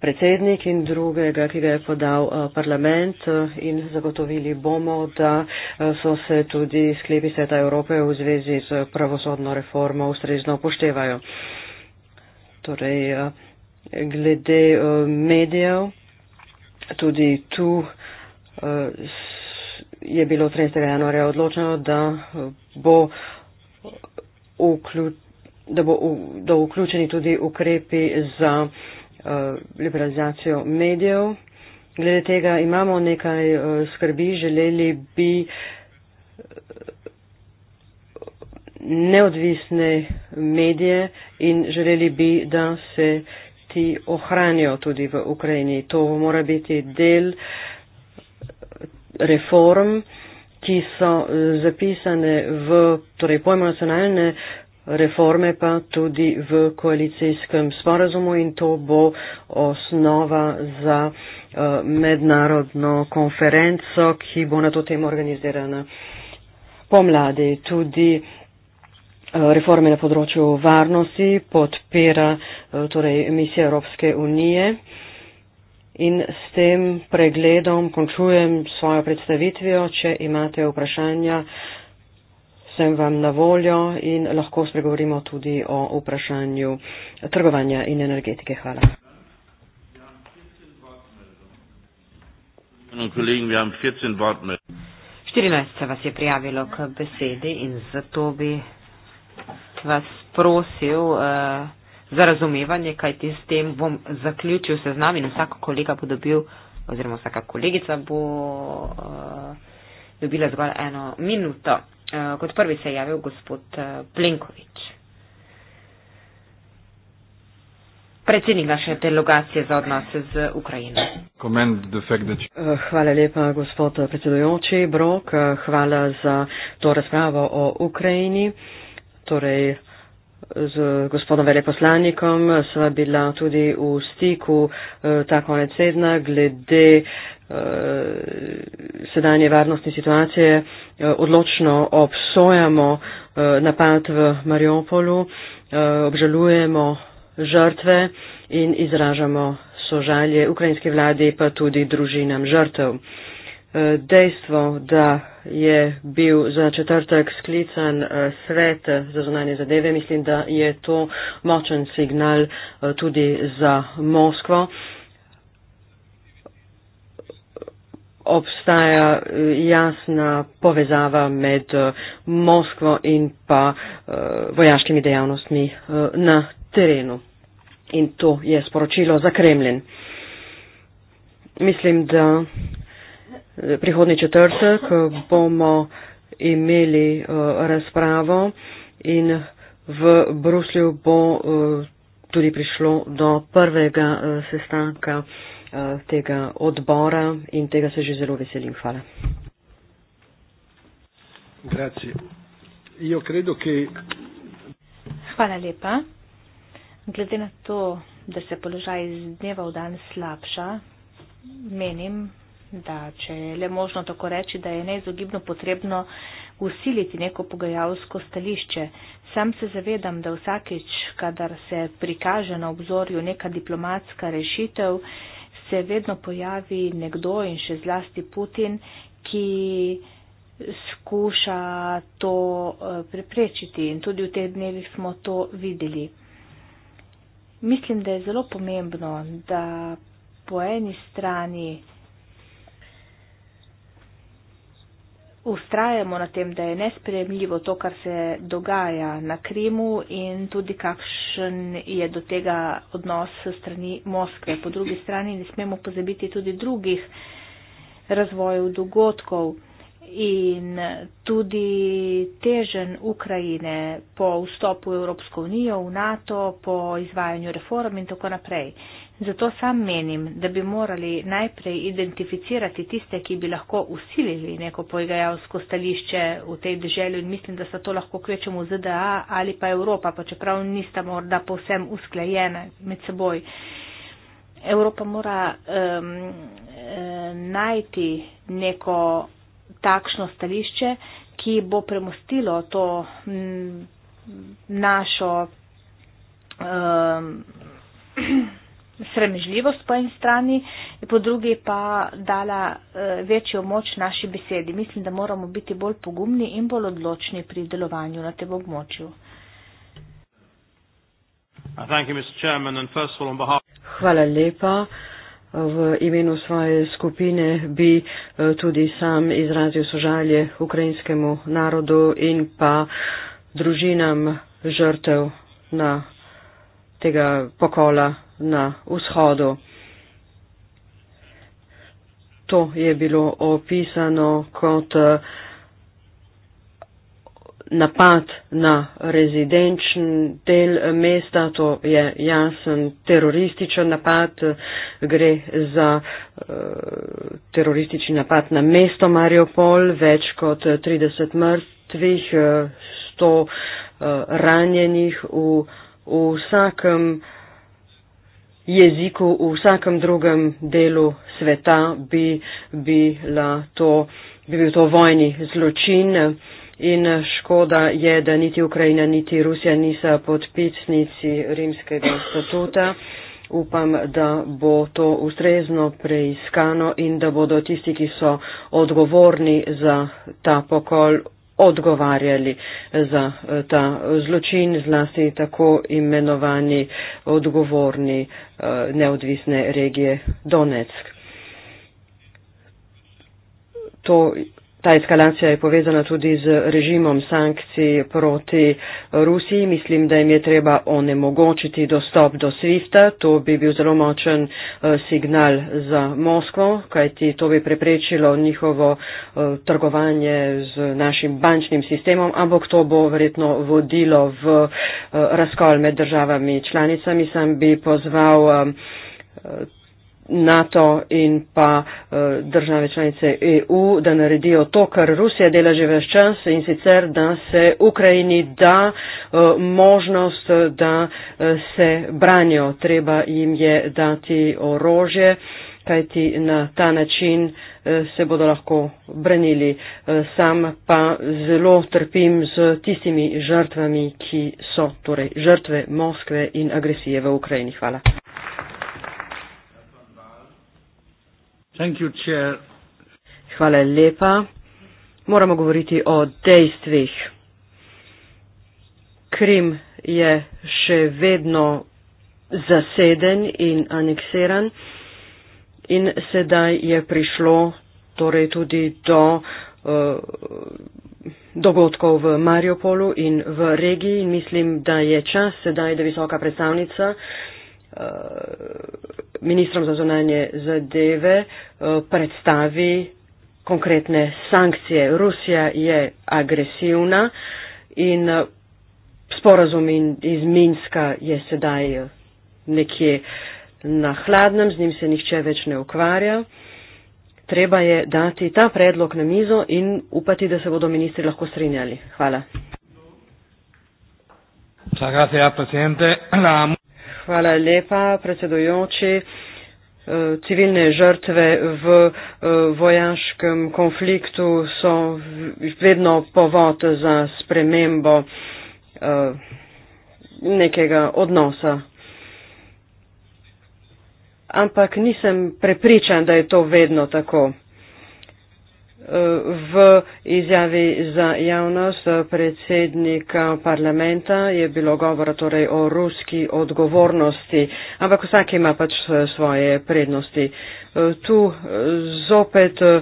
predsednik in drugega, ki ga je podal eh, parlament eh, in zagotovili bomo, da eh, so se tudi sklepi Sveta Evrope v zvezi z pravosodno reformo ustrezno upoštevajo. Torej, glede medijev, tudi tu je bilo 13. januarja odločeno, da bo, vklju, da bo da vključeni tudi ukrepi za Eh, liberalizacijo medijev. Glede tega imamo nekaj eh, skrbi, želeli bi eh, neodvisne medije in želeli bi, da se ti ohranijo tudi v Ukrajini. To mora biti del reform, ki so zapisane v torej, pojmo nacionalne reforme pa tudi v koalicijskem sporazumu in to bo osnova za eh, mednarodno konferenco, ki bo na to temo organizirana pomladi. Tudi eh, reforme na področju varnosti podpira eh, torej, misija Evropske unije. In s tem pregledom končujem svojo predstavitvijo. Če imate vprašanja, uh, sem vam na voljo in lahko spregovorimo tudi o vprašanju trgovanja in energetike. Hvala. Štirinajst se vas je prijavilo k besedi in zato bi vas prosil uh, za razumevanje, kajti s tem bom zaključil seznam in vsak kolega bo dobil oziroma vsaka kolegica bo uh, dobila zgolj eno minuto. Eh, kot prvi se je javil gospod eh, Plenković. Predsednik naše delegacije za odnose z Ukrajino. Eh, hvala lepa, gospod predsedujoči Brok. Hvala za to razpravo o Ukrajini. Torej, z gospodom veleposlanikom sva bila tudi v stiku ta konec tedna glede Eh, sedanje varnostne situacije eh, odločno obsojamo eh, napad v Mariupolu, obžalujemo žrtve in izražamo sožalje ukrajinske vlade pa tudi družinam žrtev. Dejstvo, da je bil za četrtek sklican svet za zunanje zadeve, mislim, da je to močen signal tudi za Moskvo. obstaja eh, jasna povezava med eh, Moskvo in pa eh, vojaškimi dejavnostmi na terenu. In to je sporočilo za Kremlin. Mislim, da prihodni četrtek bomo imeli razpravo in v Bruslju bo tudi prišlo do prvega sestanka Eh, tega odbora in tega se že zelo veselim. Hvala. Credo, ki... Hvala lepa. Glede na to, da se položaj iz dneva v dan slabša, menim, da če je le možno tako reči, da je neizogibno potrebno usiliti neko pogajalsko stališče. Sam se zavedam, da vsakič, kadar se prikaže na obzorju neka diplomatska rešitev, se vedno pojavi nekdo in še zlasti Putin, ki skuša to eh, preprečiti in tudi v teh dnevih smo to videli. Mislim, da je zelo pomembno, da po eni strani ustrajamo na tem, da je nespremljivo to, kar se dogaja na Krimu in tudi kakšen je do tega odnos strani Moskve. Po drugi strani ne smemo pozabiti tudi drugih razvojev dogodkov in tudi težen Ukrajine po vstopu v Evropsko unijo, v NATO, po izvajanju reform in tako naprej. Zato sam menim, da bi morali najprej identificirati tiste, ki bi lahko usilili neko poigajalsko stališče v tej državi in mislim, da so to lahko kvečemo ZDA ali pa Evropa, pa čeprav nista morda povsem usklajene med seboj. Evropa mora um, najti neko takšno stališče, ki bo premostilo to m, našo. Um, sramežljivost po eni strani, po drugi pa dala uh, večjo moč naši besedi. Mislim, da moramo biti bolj pogumni in bolj odločni pri delovanju na tem območju. Uh, Hvala lepa. V imenu svoje skupine bi eh, tudi sam izrazil sožalje ukrajinskemu narodu in pa družinam žrtev na tega pokola na vzhodu. To je bilo opisano kot eh, napad na rezidenčen del eh, mesta, to je jasen terorističen napad, gre za uh, teroristični napad na mesto Mariupol, več kot 30 mrtvih, 100 uh, ranjenih v, v vsakem uh, jeziku v vsakem drugem delu sveta bi, bi, to, bi bil to vojni zločin. In škoda je, da niti Ukrajina, niti Rusija nisa podpisnici rimskega statuta. Upam, da bo to ustrezno preiskano in da bodo tisti, ki so odgovorni za ta pokol, odgovarjali za eh, ta eh, zločin, zlasti tako imenovani odgovorni eh, neodvisne regije Donetsk. To Ta eskalacija je povezana tudi z režimom sankcij proti Rusiji. Mislim, da jim je treba onemogočiti dostop do Svifta. To bi bil zelo močen eh, signal za Moskvo, kajti to bi preprečilo njihovo eh, trgovanje z našim bančnim sistemom, ampak to bo verjetno vodilo v eh, razkol med državami članicami. Sam bi pozval NATO in pa eh, države članice EU, da naredijo to, kar Rusija dela že več čas in sicer, da se Ukrajini da eh, možnost, da eh, se branijo. Treba jim je dati orožje, kajti na ta način se bodo lahko branili. Sam pa zelo trpim z tistimi žrtvami, ki so torej žrtve Moskve in agresije v Ukrajini. Hvala. Hvala lepa. Moramo govoriti o dejstvih. Krim je še vedno zaseden in aneksiran in sedaj je prišlo torej tudi do uh, dogodkov v Mariupolu in v regiji in mislim, da je čas sedaj, da visoka predstavnica uh, Eh, ministrom za zunanje zadeve eh, predstavi konkretne sankcije. Rusija je agresivna in eh, sporazum iz Minska je sedaj nekje na hladnem, z njim se nihče več ne ukvarja. Treba je dati ta predlog na mizo in upati, da se bodo ministri lahko strinjali. Hvala. Hvala, predsednik. Hvala lepa, predsedujoči. E, civilne žrtve v e, vojaškem konfliktu so vedno povod za spremembo e, nekega odnosa. Ampak nisem prepričan, da je to vedno tako. V izjavi za javnost predsednika parlamenta je bilo govora torej o ruski odgovornosti, ampak vsak ima pač svoje prednosti. Tu zopet eh,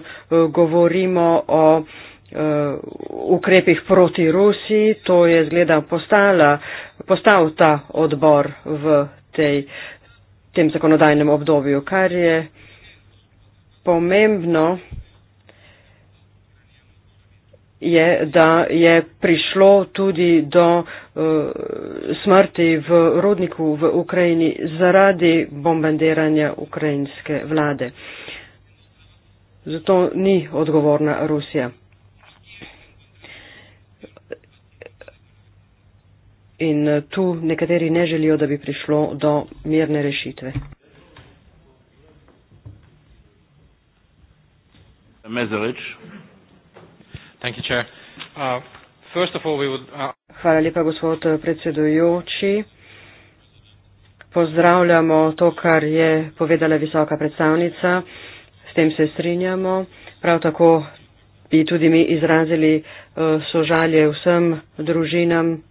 govorimo o eh, ukrepih proti Rusiji, to je zgleda postala, postal ta odbor v tej, tem zakonodajnem obdobju, kar je pomembno je, da je prišlo tudi do uh, smrti v rodniku v Ukrajini zaradi bombardiranja ukrajinske vlade. Zato ni odgovorna Rusija. In eh, tu nekateri ne želijo, da bi prišlo do mirne rešitve. Mezelič. Uh, uh, Hvala lepa, gospod predsedujoči. Pozdravljamo to, kar je povedala visoka predstavnica. S tem se strinjamo. Prav tako bi tudi mi izrazili uh, sožalje vsem družinam,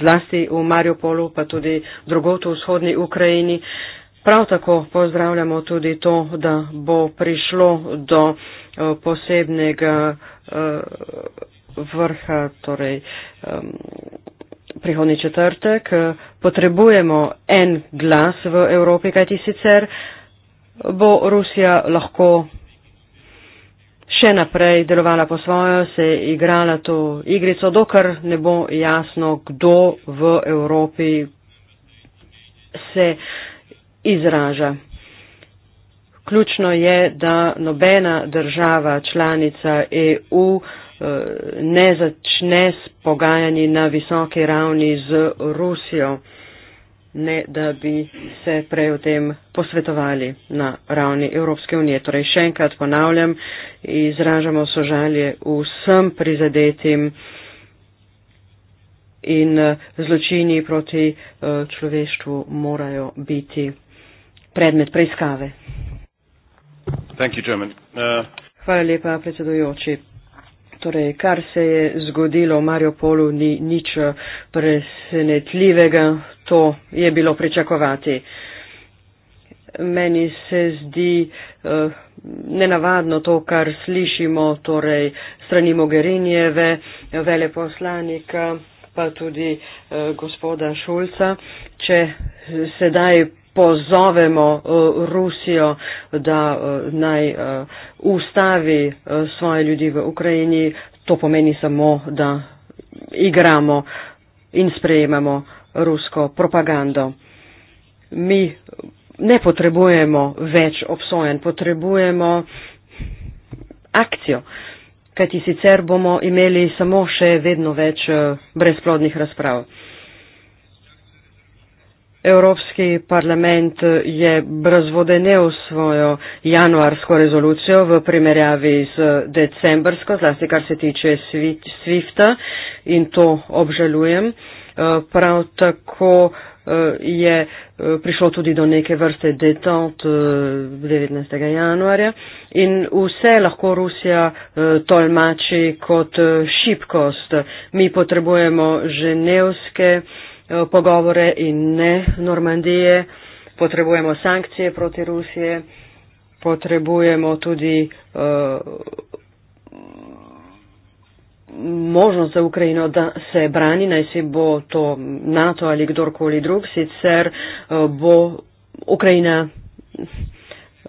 zlasti v Mariupolu, pa tudi drugot v vzhodni Ukrajini. Prav tako pozdravljamo tudi to, da bo prišlo do posebnega Eh, vrha, eh, torej prihodni četrtek, potrebujemo en glas v Evropi, kajti sicer bo Rusija lahko še naprej delovala po svojo, se je igrala to igrico, dokar ne bo jasno, kdo v Evropi se izraža. Ključno je, da nobena država članica EU eh, ne začne s pogajanji na visoki ravni z Rusijo, ne da bi se prej o tem posvetovali na ravni Evropske unije. Torej, še enkrat ponavljam, izražamo sožalje vsem prizadetim in eh, zločini proti eh, človeštvu morajo biti predmet preiskave. Uh, Hvala lepa, predsedujoči. Torej, kar se je zgodilo v Mariupolu, ni nič uh, presenetljivega, to je bilo pričakovati. Meni se zdi uh, nenavadno to, kar slišimo, torej strani Mogherinjeve, veleposlanika, pa tudi uh, gospoda Šulca, če sedaj pozovemo eh, Rusijo, da eh, naj eh, ustavi svoje ljudi v Ukrajini, to pomeni samo, da igramo in sprejemamo rusko propagando. Mi ne potrebujemo več obsojen, potrebujemo akcijo, kajti sicer bomo imeli samo še vedno več brezplodnih razprav. Evropski parlament je brazvodenev svojo januarsko rezolucijo v primerjavi z decembrsko, zlasti kar se tiče Swifta in to obžalujem. Eh, prav tako eh, je eh, prišlo tudi do neke vrste detent 19. januarja in vse lahko Rusija tolmači kot šipkost. Mi potrebujemo ženevske pogovore in ne Normandije. Potrebujemo sankcije proti Rusije, potrebujemo tudi uh, možnost za Ukrajino, da se brani, naj si bo to NATO ali kdorkoli drug, sicer uh, bo Ukrajina.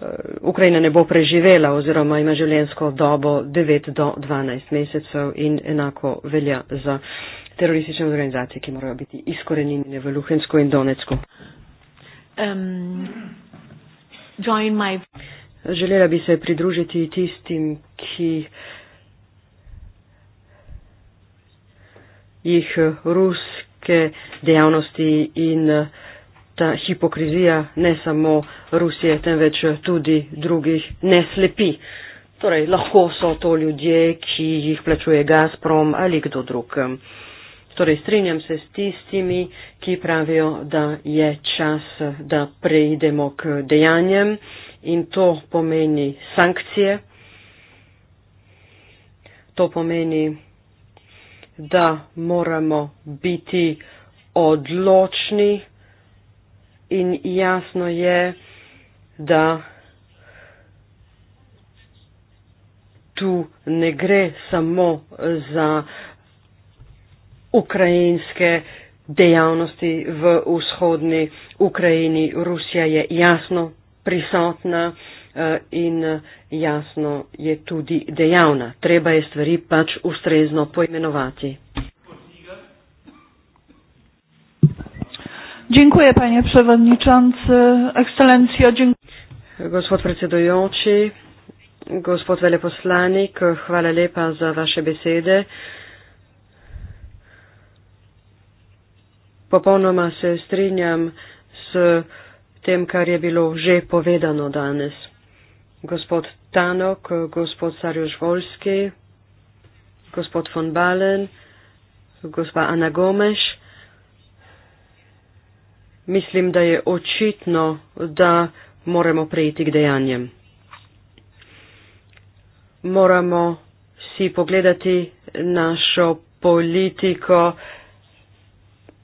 Eh, Ukrajina ne bo preživela oziroma ima življenjsko dobo 9 do 12 mesecev in enako velja za uh, teroristične organizacije, ki morajo biti izkorenjene v Luhensku in Donetsku. Um, my... Želela bi se pridružiti tistim, ki jih ruske dejavnosti in ta hipokrizija ne samo Rusije, temveč tudi drugih ne slepi. Torej, lahko so to ljudje, ki jih plačuje Gazprom ali kdo drug. Torej, strinjam se s tistimi, ki pravijo, da je čas, da preidemo k dejanjem in to pomeni sankcije. To pomeni, da moramo biti odločni in jasno je, da tu ne gre samo za ukrajinske dejavnosti v vzhodni Ukrajini. Rusija je jasno prisotna eh, in eh, jasno je tudi dejavna. Treba je stvari pač ustrezno poimenovati. Dziękuję, panie przewodniczący, ekscelencjo. Gospod predsedujoči, gospod veleposlanik, hvala lepa za vaše besede. popolnoma se strinjam s tem, kar je bilo že povedano danes. Gospod Tanok, gospod Sarjož Volski, gospod von Balen, gospa Ana Gomeš. Mislim, da je očitno, da moramo prejiti k dejanjem. Moramo si pogledati našo politiko,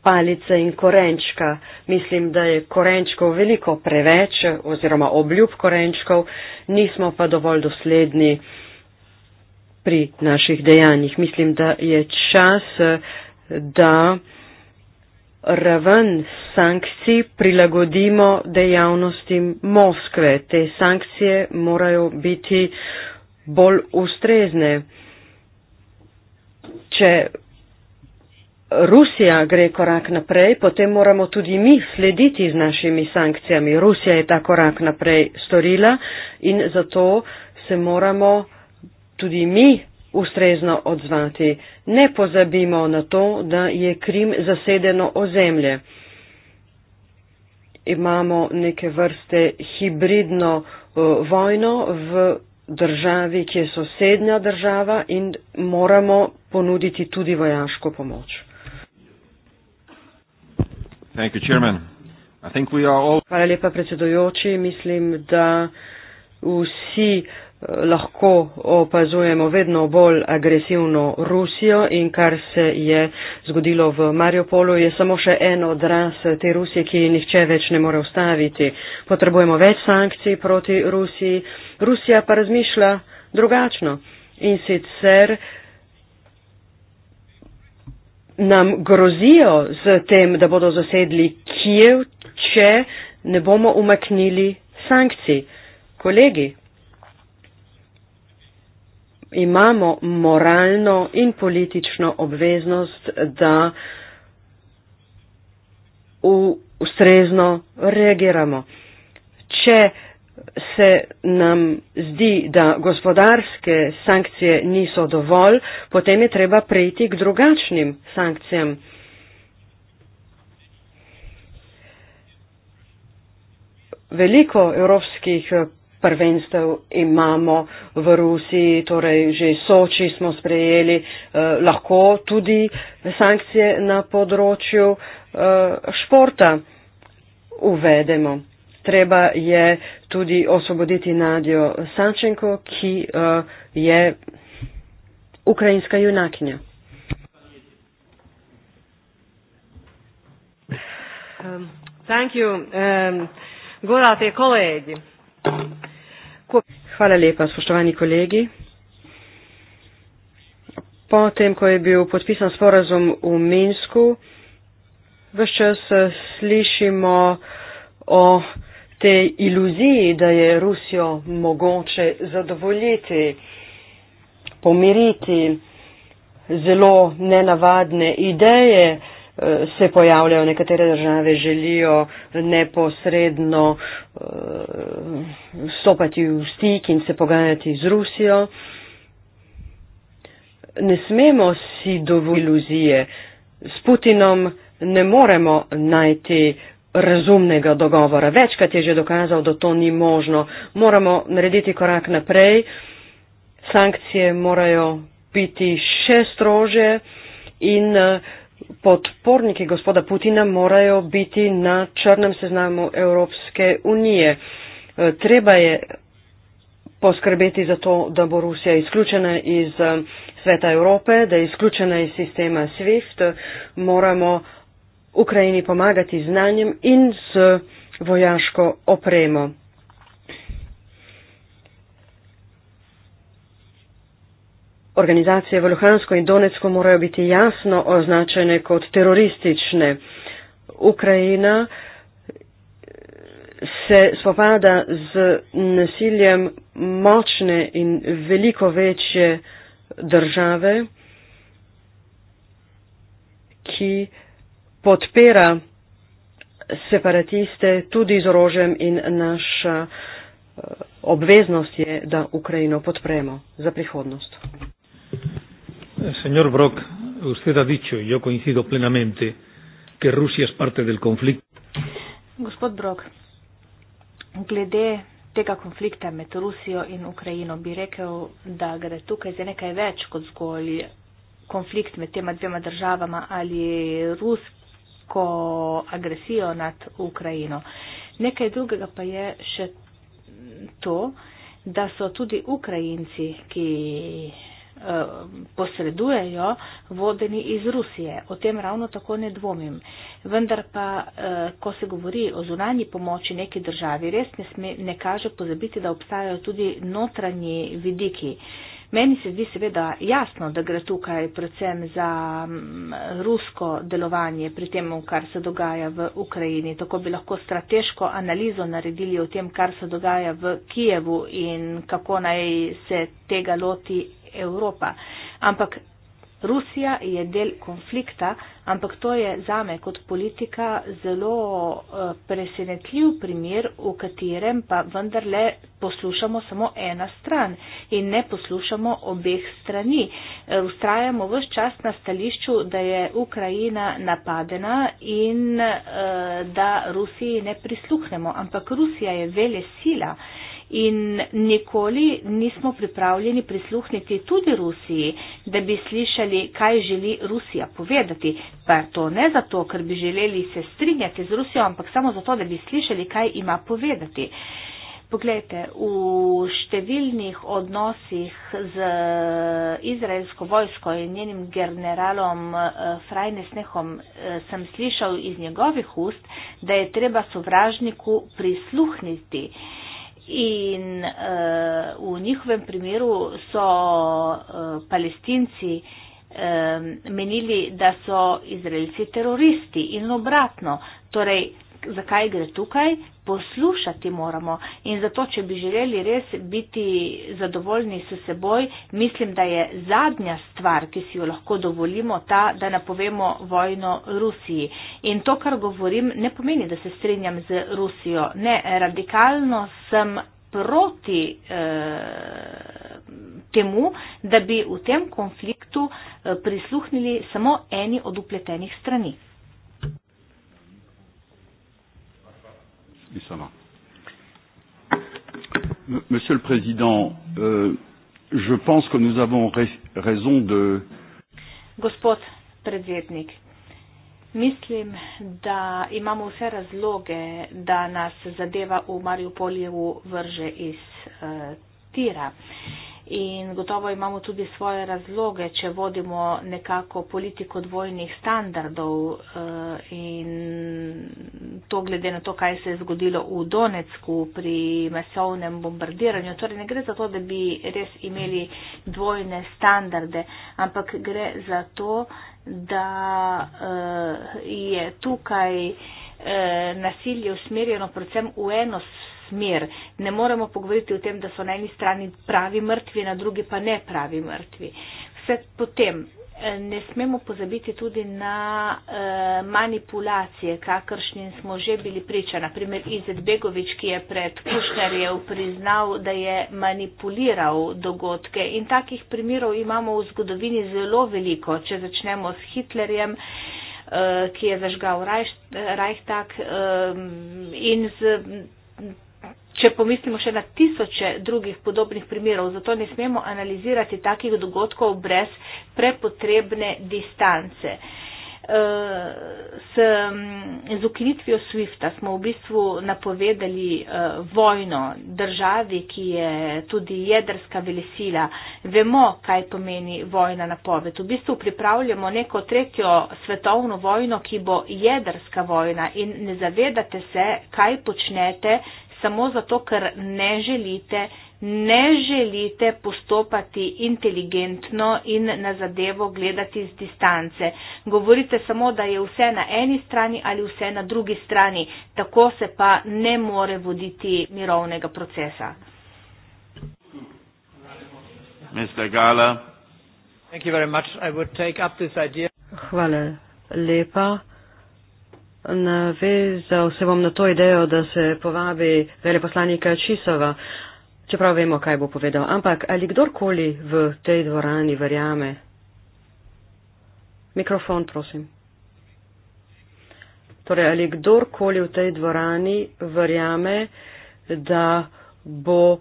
palice in korenčka. Mislim, da je korenčkov veliko preveč oziroma obljub korenčkov, nismo pa dovolj dosledni pri naših dejanjih. Mislim, da je čas, da raven sankcij prilagodimo dejavnostim Moskve. Te sankcije morajo biti bolj ustrezne. Če Rusija gre korak naprej, potem moramo tudi mi slediti z našimi sankcijami. Rusija je ta korak naprej storila in zato se moramo tudi mi ustrezno odzvati. Ne pozabimo na to, da je Krim zasedeno ozemlje. Imamo neke vrste hibridno eh, vojno v državi, ki je sosednja država in moramo ponuditi tudi vojaško pomoč. Hvala lepa, predsedujoči. Mislim, da vsi eh, lahko opazujemo vedno bolj agresivno Rusijo in kar se je zgodilo v Mariupolu je samo še en odraz te Rusije, ki nihče več ne more ustaviti. Potrebujemo več sankcij proti Rusiji. Rusija pa razmišlja drugačno. In sicer nam grozijo z tem, da bodo zasedli Kijev, če ne bomo umaknili sankcij. Kolegi, imamo moralno in politično obveznost, da ustrezno reagiramo. Če se nam zdi, da gospodarske sankcije niso dovolj, potem je treba prejti k drugačnim sankcijam. Veliko evropskih eh, prvenstev imamo v Rusiji, torej že Soči smo sprejeli eh, lahko tudi sankcije na področju eh, športa uvedemo treba je tudi osvoboditi Nadjo Sančenko, ki uh, je ukrajinska junakinja. Um, um, Hvala lepa, spoštovani kolegi. Potem, ko je bil podpisan sporazum v Minsku, vse čas eh, slišimo o tej iluziji, da je Rusijo mogoče zadovoljiti, pomiriti. Zelo nenavadne ideje eh, se pojavljajo, nekatere države želijo neposredno eh, stopati v stik in se pogajati z Rusijo. Ne smemo si dovoljiti iluzije. S Putinom ne moremo najti uh, razumnega dogovora. Večkrat je že dokazal, da to ni možno. Moramo narediti korak naprej. Sankcije morajo biti še strože in eh, podporniki gospoda Putina morajo biti na črnem seznamu Evropske unije. Eh, treba je poskrbeti za to, da bo Rusija izključena iz eh, sveta Evrope, da je izključena iz sistema SWIFT. Moramo Ukrajini pomagati znanjem in s vojaško opremo. Organizacije v Luhansko in Donetsko morajo biti jasno označene kot teroristične. Ukrajina se spopada z nasiljem močne in veliko večje države, ki podpira separatiste tudi z orožjem in naša eh, obveznost je, da Ukrajino podpremo za prihodnost. Señor Brock, usted ha dicho, y yo coincido plenamente, que Rusia es parte del conflicto. Gospod Brock, glede tega konflikta med Rusijo in Ukrajino bi rekel, da gre tukaj za nekaj več kot zgolj konflikt med tema dvema državama ali Rus, rusko agresijo nad Ukrajino. Nekaj drugega pa je še to, da so tudi Ukrajinci, ki eh, posredujejo vodeni iz Rusije. O tem ravno tako ne dvomim. Vendar pa, eh, ko se govori o zunanji pomoči neki državi, res ne, sme, ne kaže pozabiti, da obstajajo tudi notranji vidiki. Meni se zdi seveda jasno, da gre tukaj predvsem za mm, rusko delovanje pri tem, kar se dogaja v Ukrajini. Tako bi lahko strateško analizo naredili o tem, kar se dogaja v Kijevu in kako naj se tega loti Evropa. Ampak Rusija je del konflikta, ampak to je zame kot politika zelo eh, presenetljiv primer, v katerem pa vendarle poslušamo samo ena stran in ne poslušamo obeh strani. Ustrajamo eh, vse čas na stališču, da je Ukrajina napadena in eh, da Rusiji ne prisluhnemo, ampak Rusija je vele sila in nikoli nismo pripravljeni prisluhniti tudi Rusiji, da bi slišali, kaj želi Rusija povedati. Pa to ne zato, ker bi želeli se strinjati z Rusijo, ampak samo zato, da bi slišali, kaj ima povedati. Poglejte, v številnih odnosih z izraelsko vojsko in njenim generalom eh, Frajnesnehom eh, sem slišal iz njegovih ust, da je treba sovražniku prisluhniti. In uh, v njihovem primeru so uh, palestinci um, menili, da so izraelci teroristi in obratno. Torej, zakaj gre tukaj, poslušati moramo. In zato, če bi želeli res biti zadovoljni s seboj, mislim, da je zadnja stvar, ki si jo lahko dovolimo, ta, da napovemo vojno Rusiji. In to, kar govorim, ne pomeni, da se strinjam z Rusijo. Ne, radikalno sem proti eh, temu, da bi v tem konfliktu eh, prisluhnili samo eni od upletenih strani. Oui, ça va. Monsieur le Président, euh, je pense que nous avons raison de. Gospod predsednik, mislim, da imamo vse razloge, da nas zadeva v Mariupolju vrže iz uh, tira. Uh, in gotovo imamo tudi svoje razloge, če vodimo nekako politiko dvojnih standardov eh, in to glede na to, kaj se je zgodilo v Donetsku pri masovnem bombardiranju. Torej ne gre za to, da bi res imeli dvojne standarde, ampak gre za to, da eh, je tukaj eh, nasilje usmerjeno predvsem v eno smer smer. Ne moremo pogovoriti o tem, da so na eni strani pravi mrtvi, na drugi pa ne pravi mrtvi. Vse potem eh, ne smemo pozabiti tudi na eh, manipulacije, kakršnim smo že bili priča. Naprimer Izet Begovič, ki je pred Kušnerjev priznal, da je manipuliral dogodke. In takih primerov imamo v zgodovini zelo veliko. Če začnemo s Hitlerjem, eh, ki je zažgal Reichstag in z Če pomislimo še na tisoče drugih podobnih primerov, zato ne smemo analizirati takih dogodkov brez prepotrebne distance. E, s, z ukinitvijo SWIFT-a smo v bistvu napovedali e, vojno državi, ki je tudi jedrska velesila. Vemo, kaj pomeni vojna napoved. V bistvu pripravljamo neko tretjo svetovno vojno, ki bo jedrska vojna in ne zavedate se, kaj počnete, samo zato, ker ne želite, ne želite postopati inteligentno in na zadevo gledati z distance. Govorite samo, da je vse na eni strani ali vse na drugi strani. Tako se pa ne more voditi mirovnega procesa. Hvala lepa navezal se bom na to idejo, da se povabi veleposlanika Čisova, čeprav vemo, kaj bo povedal. Ampak ali kdorkoli v tej dvorani verjame? Mikrofon, prosim. Torej, ali kdorkoli v tej dvorani verjame, da bo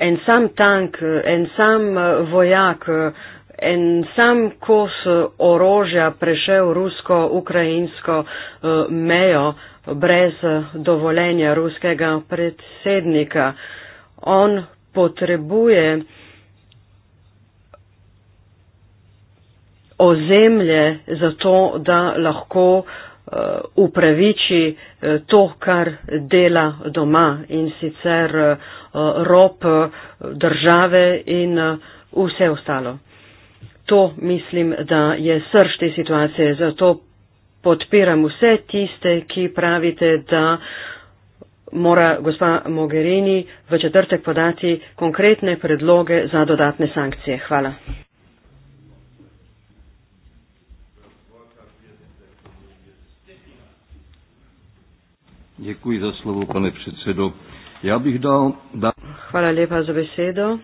en sam tank, en sam eh, vojak, eh, en sam kos orožja prešel rusko-ukrajinsko eh, mejo brez eh, dovoljenja ruskega predsednika. On potrebuje ozemlje za to, da lahko eh, upraviči to, kar dela doma in sicer rob države in vse ostalo to mislim, da je srč te situacije. Zato podpiram vse tiste, ki pravite, da mora gospa Mogherini v četrtek podati konkretne predloge za dodatne sankcije. Hvala. Děkuji za slovo, pane předsedo. Já bych dal. Da... Hvala lepa za besedo.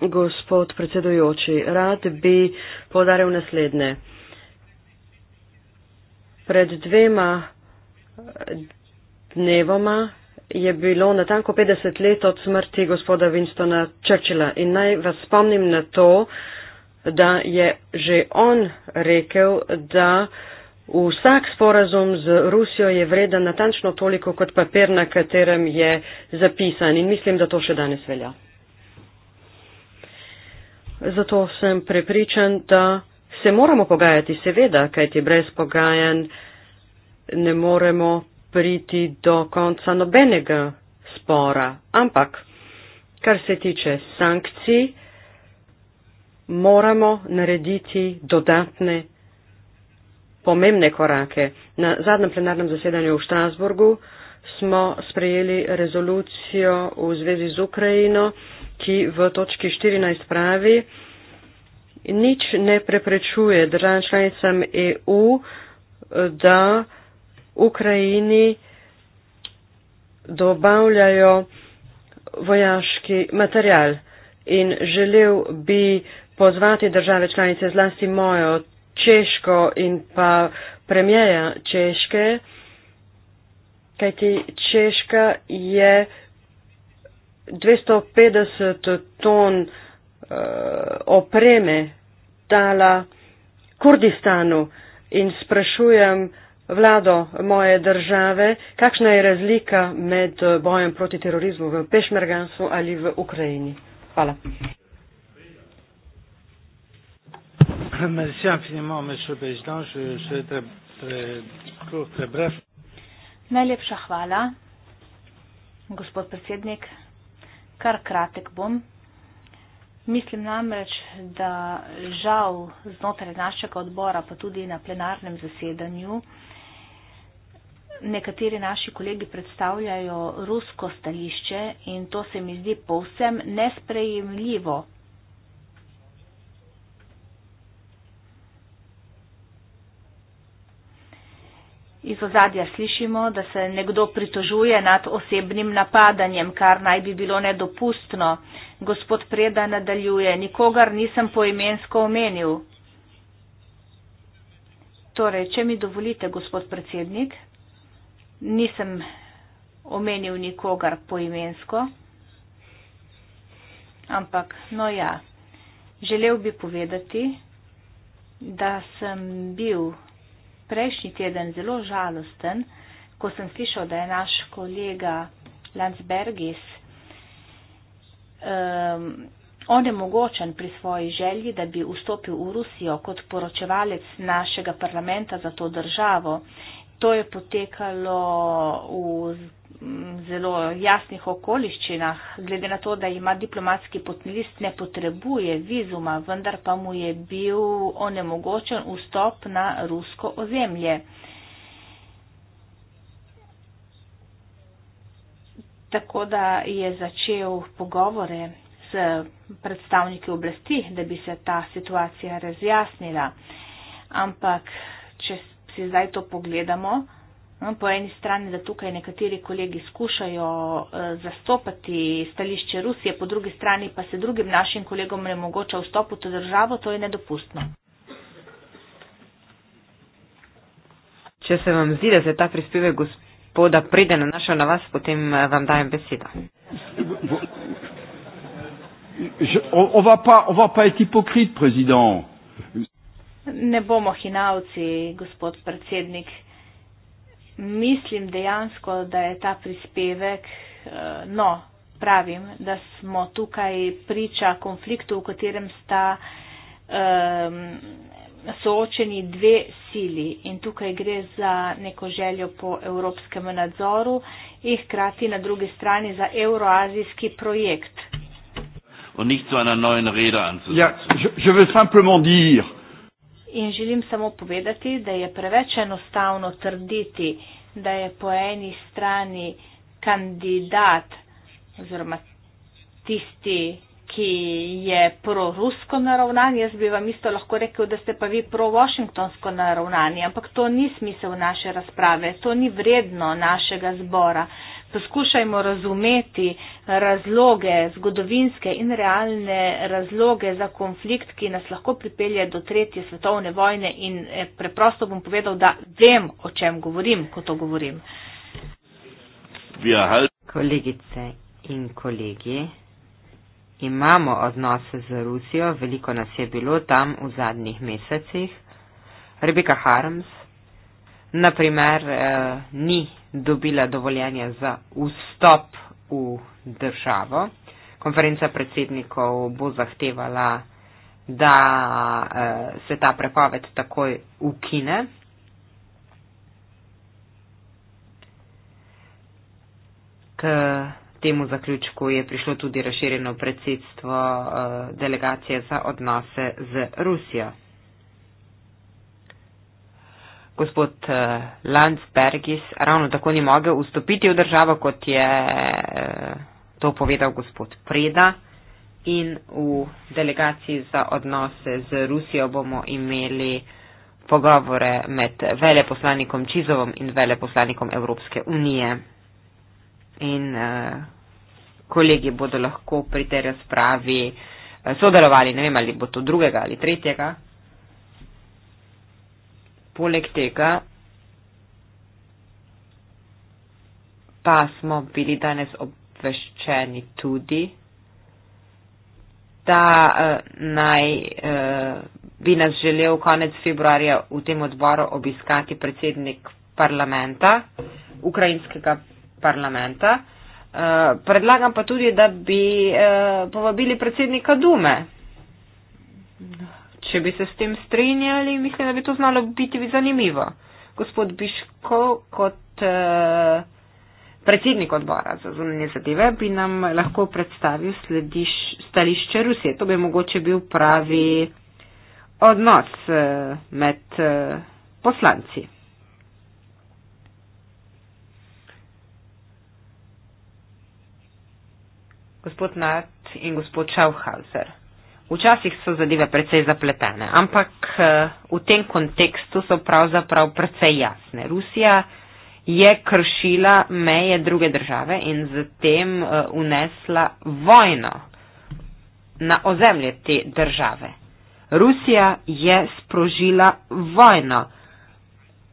Gospod predsedujoči, rad bi podaril naslednje. Pred dvema eh, dnevoma je bilo natanko 50 let od smrti gospoda Winstona Churchilla in naj vas spomnim na to, da je že on rekel, da vsak sporazum z Rusijo je vreden natančno toliko kot papir, na katerem je zapisan in mislim, da to še danes velja. Zato sem prepričan, da se moramo pogajati, seveda, kajti brez pogajanj ne moremo priti do konca nobenega spora. Ampak, kar se tiče sankcij, moramo narediti dodatne pomembne korake. Na zadnjem plenarnem zasedanju v Štrasburgu smo sprejeli rezolucijo v zvezi z Ukrajino, ki v točki 14 pravi, nič ne preprečuje državam članicam EU, da Ukrajini dobavljajo vojaški material in želel bi pozvati države članice, zlasti mojo Češko in pa premjeja Češke, kajti Češka je 250 ton uh, opreme dala Kurdistanu in sprašujem vlado moje države, kakšna je razlika med eh, bojem proti terorizmu v Pešmergansu ali v Ukrajini. Hvala. Najlepša hvala, gospod predsednik, kar kratek bom. Mislim namreč, da žal znotraj našega odbora, pa tudi na plenarnem zasedanju, nekateri naši kolegi predstavljajo rusko stališče in to se mi zdi povsem nesprejemljivo iz ozadja slišimo, da se nekdo pritožuje nad osebnim napadanjem, kar naj bi bilo nedopustno. Gospod Preda nadaljuje, nikogar nisem poimensko omenil. Torej, če mi dovolite, gospod predsednik, nisem omenil nikogar poimensko, ampak no ja, želel bi povedati, da sem bil prejšnji teden zelo žalosten, ko sem slišal, da je naš kolega Landsbergis um, onemogočen pri svoji želji, da bi vstopil v Rusijo kot poročevalec našega parlamenta za to državo to je potekalo v zelo jasnih okoliščinah, glede na to, da ima diplomatski potni list, ne potrebuje vizuma, vendar pa mu je bil onemogočen vstop na rusko ozemlje. Tako da je začel pogovore s predstavniki oblasti, da bi se ta situacija razjasnila. Ampak, če si zdaj to pogledamo, no, po eni strani, da tukaj nekateri kolegi skušajo eh, zastopati stališče Rusije, po drugi strani pa se drugim našim kolegom ne mogoče vstop v to državo, to je nedopustno. Če se vam zdi, da se ta prispevek gospoda pride na našo na vas, potem eh, vam dajem besedo. Je, on, on va pas, on va pas être hypocrite, président. Ne bomo hinavci, gospod predsednik. Mislim dejansko, da je ta prispevek, eh, no, pravim, da smo tukaj priča konfliktu, v katerem sta um, soočeni dve sili in tukaj gre za neko željo po evropskem nadzoru in hkrati na drugi strani za euroazijski projekt. Ja, je, je In želim samo povedati, da je preveč enostavno trditi, da je po eni strani kandidat oziroma tisti, ki je prorusko naravnan. Jaz bi vam isto lahko rekel, da ste pa vi pro-washingtonsko naravnani, ampak to ni smisel naše razprave, to ni vredno našega zbora poskušajmo razumeti razloge, zgodovinske in realne razloge za konflikt, ki nas lahko pripelje do tretje svetovne vojne in eh, preprosto bom povedal, da vem, o čem govorim, ko to govorim. Ja, Kolegice in kolegi, imamo odnose z Rusijo, veliko nas je bilo tam v zadnjih mesecih. Rebeka Harms, naprimer, eh, ni dobila dovoljenje za vstop v državo. Konferenca predsednikov bo zahtevala, da eh, se ta prepoved takoj ukine. K temu zaključku je prišlo tudi razširjeno predsedstvo eh, delegacije za odnose z Rusijo gospod eh, Landsbergis ravno tako ni mogel vstopiti v državo, kot je eh, to povedal gospod Preda. In v delegaciji za odnose z Rusijo bomo imeli pogovore med veleposlanikom Čizovom in veleposlanikom Evropske unije. In eh, kolegi bodo lahko pri tej razpravi sodelovali, ne vem ali bo to drugega ali tretjega poleg tega pa smo bili danes obveščeni tudi, da uh, naj uh, bi nas želel konec februarja v tem odboru obiskati predsednik parlamenta, ukrajinskega parlamenta. Uh, predlagam pa tudi, da bi uh, povabili predsednika Dume. No če bi se s tem strinjali, mislim, da bi to znalo biti zanimivo. Gospod Biško, kot eh, predsednik odbora za zunanje zadeve, bi nam lahko predstavil slediš, stališče Rusije. To bi mogoče bil pravi odnos eh, med eh, poslanci. Gospod Nat in gospod Schauhauser. Včasih so zadeve precej zapletene, ampak eh, v tem kontekstu so pravzaprav precej jasne. Rusija je kršila meje druge države in zatem eh, unesla vojno na ozemlje te države. Rusija je sprožila vojno.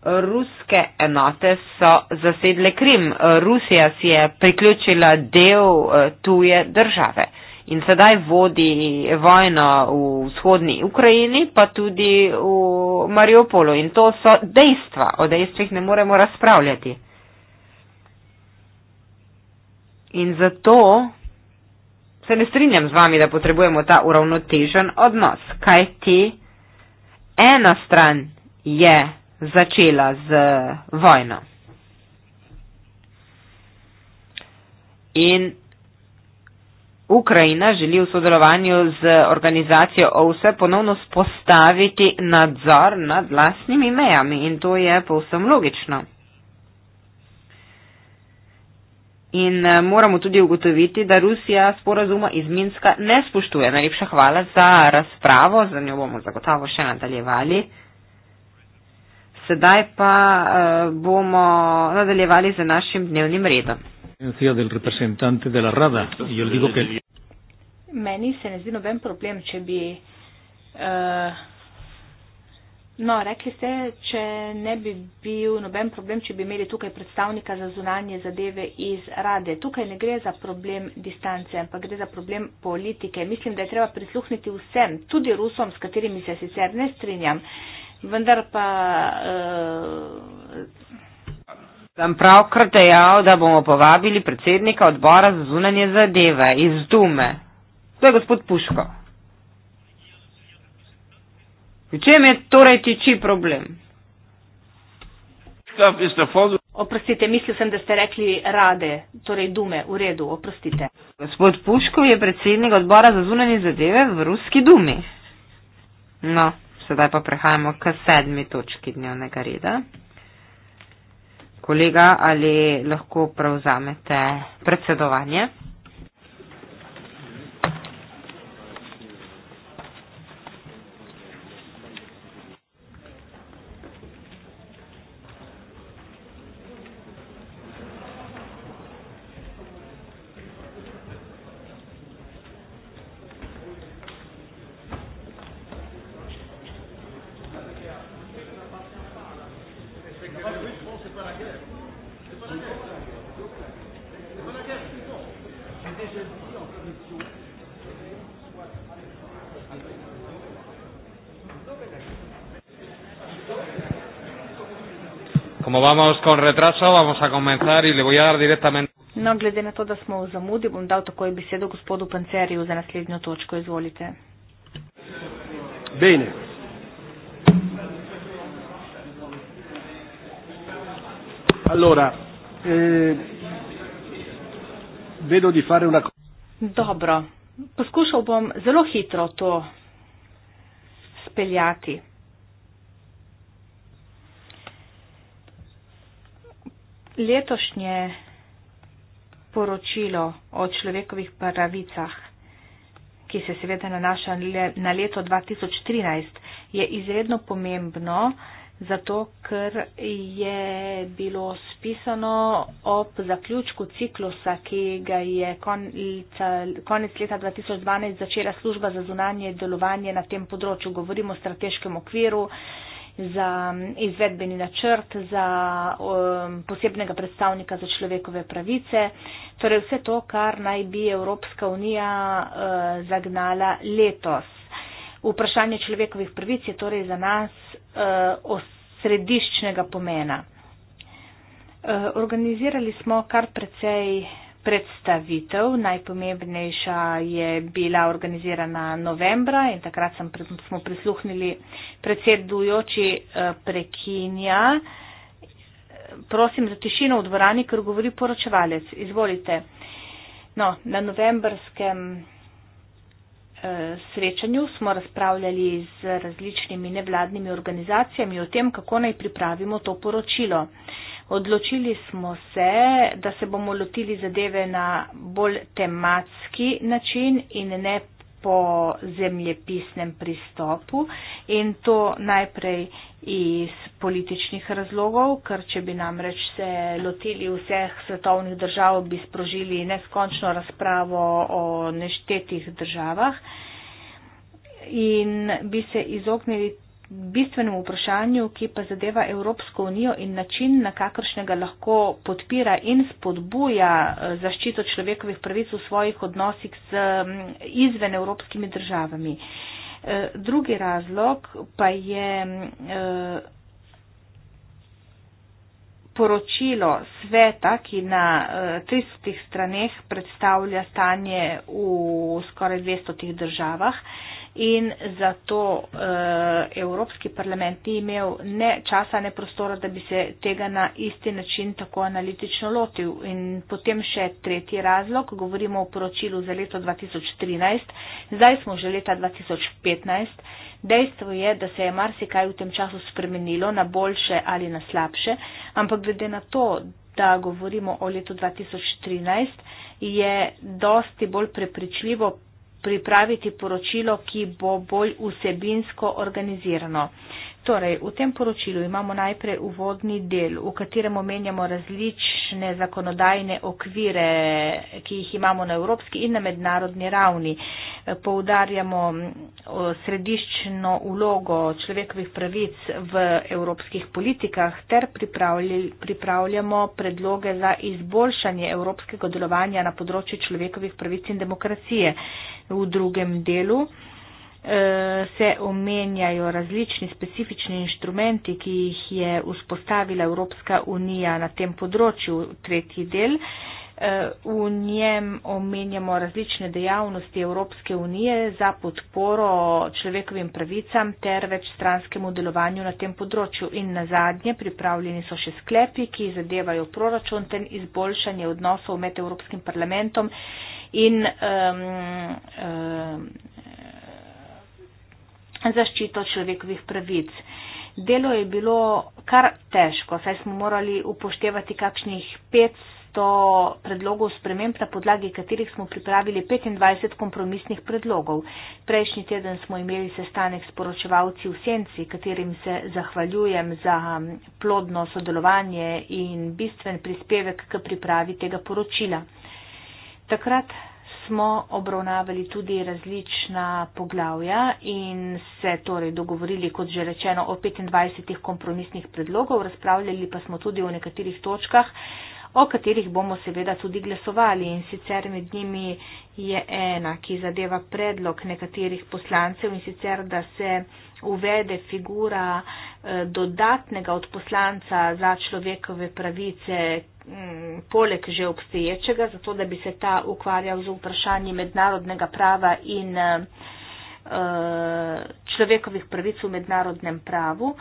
Ruske enote so zasedle Krim. Rusija si je priključila del eh, tuje države in sedaj vodi vojno v vzhodni Ukrajini, pa tudi v Mariupolu. In to so dejstva, o dejstvih ne moremo razpravljati. In zato se ne strinjam z vami, da potrebujemo ta uravnotežen odnos, kaj ti ena stran je začela z vojno. In Ukrajina želi v sodelovanju z organizacijo OVSE ponovno spostaviti nadzor nad vlastnimi mejami in to je povsem logično. In eh, moramo tudi ugotoviti, da Rusija sporazuma iz Minska ne spoštuje. Najlepša hvala za razpravo, za njo bomo zagotovo še nadaljevali. Sedaj pa eh, bomo nadaljevali z našim dnevnim redom presencia del representante de la Rada. Y yo le digo que. Meni se ne zdi noben problem, če bi. Uh, no, rekli ste, če ne bi bil noben problem, če bi imeli tukaj predstavnika za zunanje zadeve iz rade. Tukaj ne gre za problem distance, ampak gre za problem politike. Mislim, da je treba prisluhniti vsem, tudi Rusom, s katerimi se sicer ne strinjam, vendar pa. Uh, Sem pravkar dejal, da bomo povabili predsednika odbora za zunanje zadeve iz Dume. To je gospod Puško. V čem je torej tiči problem? Oprostite, mislil sem, da ste rekli rade, torej Dume, v redu, oprostite. Gospod Puško je predsednik odbora za zunanje zadeve v Ruski Dumi. No, sedaj pa prehajamo k sedmi točki dnevnega reda kolega, ali lahko prevzamete predsedovanje? vamos con retraso, vamos a comenzar y le voy a dar directamente. No, glede na to, da smo v zamudi, bom dal takoj besedo gospodu Panceriju za naslednjo točko. Izvolite. Bene. Allora, eh, vedo di fare una... Dobro, poskušal bom zelo hitro to speljati. letošnje poročilo o človekovih pravicah, ki se seveda nanaša na leto 2013, je izredno pomembno, zato ker je bilo spisano ob zaključku ciklusa, ki ga je konec leta 2012 začela služba za zunanje delovanje na tem področju. Govorimo o strateškem okviru, za izvedbeni načrt, za um, posebnega predstavnika za človekove pravice. Torej vse to, kar naj bi Evropska unija uh, zagnala letos. Vprašanje človekovih pravic je torej za nas uh, osrediščnega pomena. Uh, organizirali smo kar precej uh, predstavitev, najpomembnejša je bila organizirana novembra in takrat smo prisluhnili predsedujoči eh, prekinja. Prosim za tišino v dvorani, ker govori poročevalec. Izvolite. No, na novembrskem eh, srečanju smo razpravljali z različnimi nevladnimi organizacijami o tem, kako naj pripravimo to poročilo. Odločili smo se, da se bomo lotili zadeve na bolj tematski način in ne po zemljepisnem pristopu in to najprej iz političnih razlogov, ker če bi namreč se lotili vseh svetovnih držav, bi sprožili neskončno razpravo o neštetih državah in bi se izognili bistvenemu vprašanju, ki pa zadeva Evropsko unijo in način, na kakršnega lahko podpira in spodbuja eh, zaščito človekovih pravic v svojih odnosih z mm, izven evropskimi državami. Eh, drugi razlog pa je mm, eh, poročilo sveta, ki na 300 straneh predstavlja stanje v skoraj 200 državah in zato uh, Evropski parlament ni imel ne časa, ne prostora, da bi se tega na isti način tako analitično lotil. In potem še tretji razlog, govorimo o poročilu za leto 2013, zdaj smo že leta 2015. Dejstvo je, da se je marsikaj v tem času spremenilo na boljše ali na slabše, ampak glede na to, da govorimo o letu 2013, je dosti bolj prepričljivo pripraviti poročilo, ki bo bolj vsebinsko organizirano. Torej, v tem poročilu imamo najprej uvodni del, v katerem omenjamo različne zakonodajne okvire, ki jih imamo na evropski in na mednarodni ravni. Poudarjamo središčno ulogo človekovih pravic v evropskih politikah ter pripravljamo predloge za izboljšanje evropskega delovanja na področju človekovih pravic in demokracije. V drugem delu Eh, se omenjajo različni specifični inštrumenti, ki jih je vzpostavila Evropska unija na tem področju, tretji del. Eh, v njem omenjamo različne dejavnosti Evropske unije za podporo človekovim pravicam ter večstranskemu delovanju na tem področju. In na zadnje pripravljeni so še sklepi, ki zadevajo proračun ter izboljšanje odnosov med Evropskim parlamentom in um, um, zaščito človekovih pravic. Delo je bilo kar težko, saj smo morali upoštevati kakšnih 500 predlogov sprememb, na podlagi katerih smo pripravili 25 kompromisnih predlogov. Prejšnji teden smo imeli sestanek s poročevalci v Senci, katerim se zahvaljujem za plodno sodelovanje in bistven prispevek k pripravi tega poročila. Takrat smo obravnavali tudi različna poglavja in se torej dogovorili, kot že rečeno, o 25 kompromisnih predlogov, razpravljali pa smo tudi o nekaterih točkah, o katerih bomo seveda tudi glasovali in sicer med njimi je ena, ki zadeva predlog nekaterih poslancev in sicer, da se uvede figura eh, dodatnega odposlanca za človekove pravice mm, poleg že obstoječega, zato da bi se ta ukvarjal z vprašanji mednarodnega prava in eh, eh, človekovih pravic v mednarodnem pravu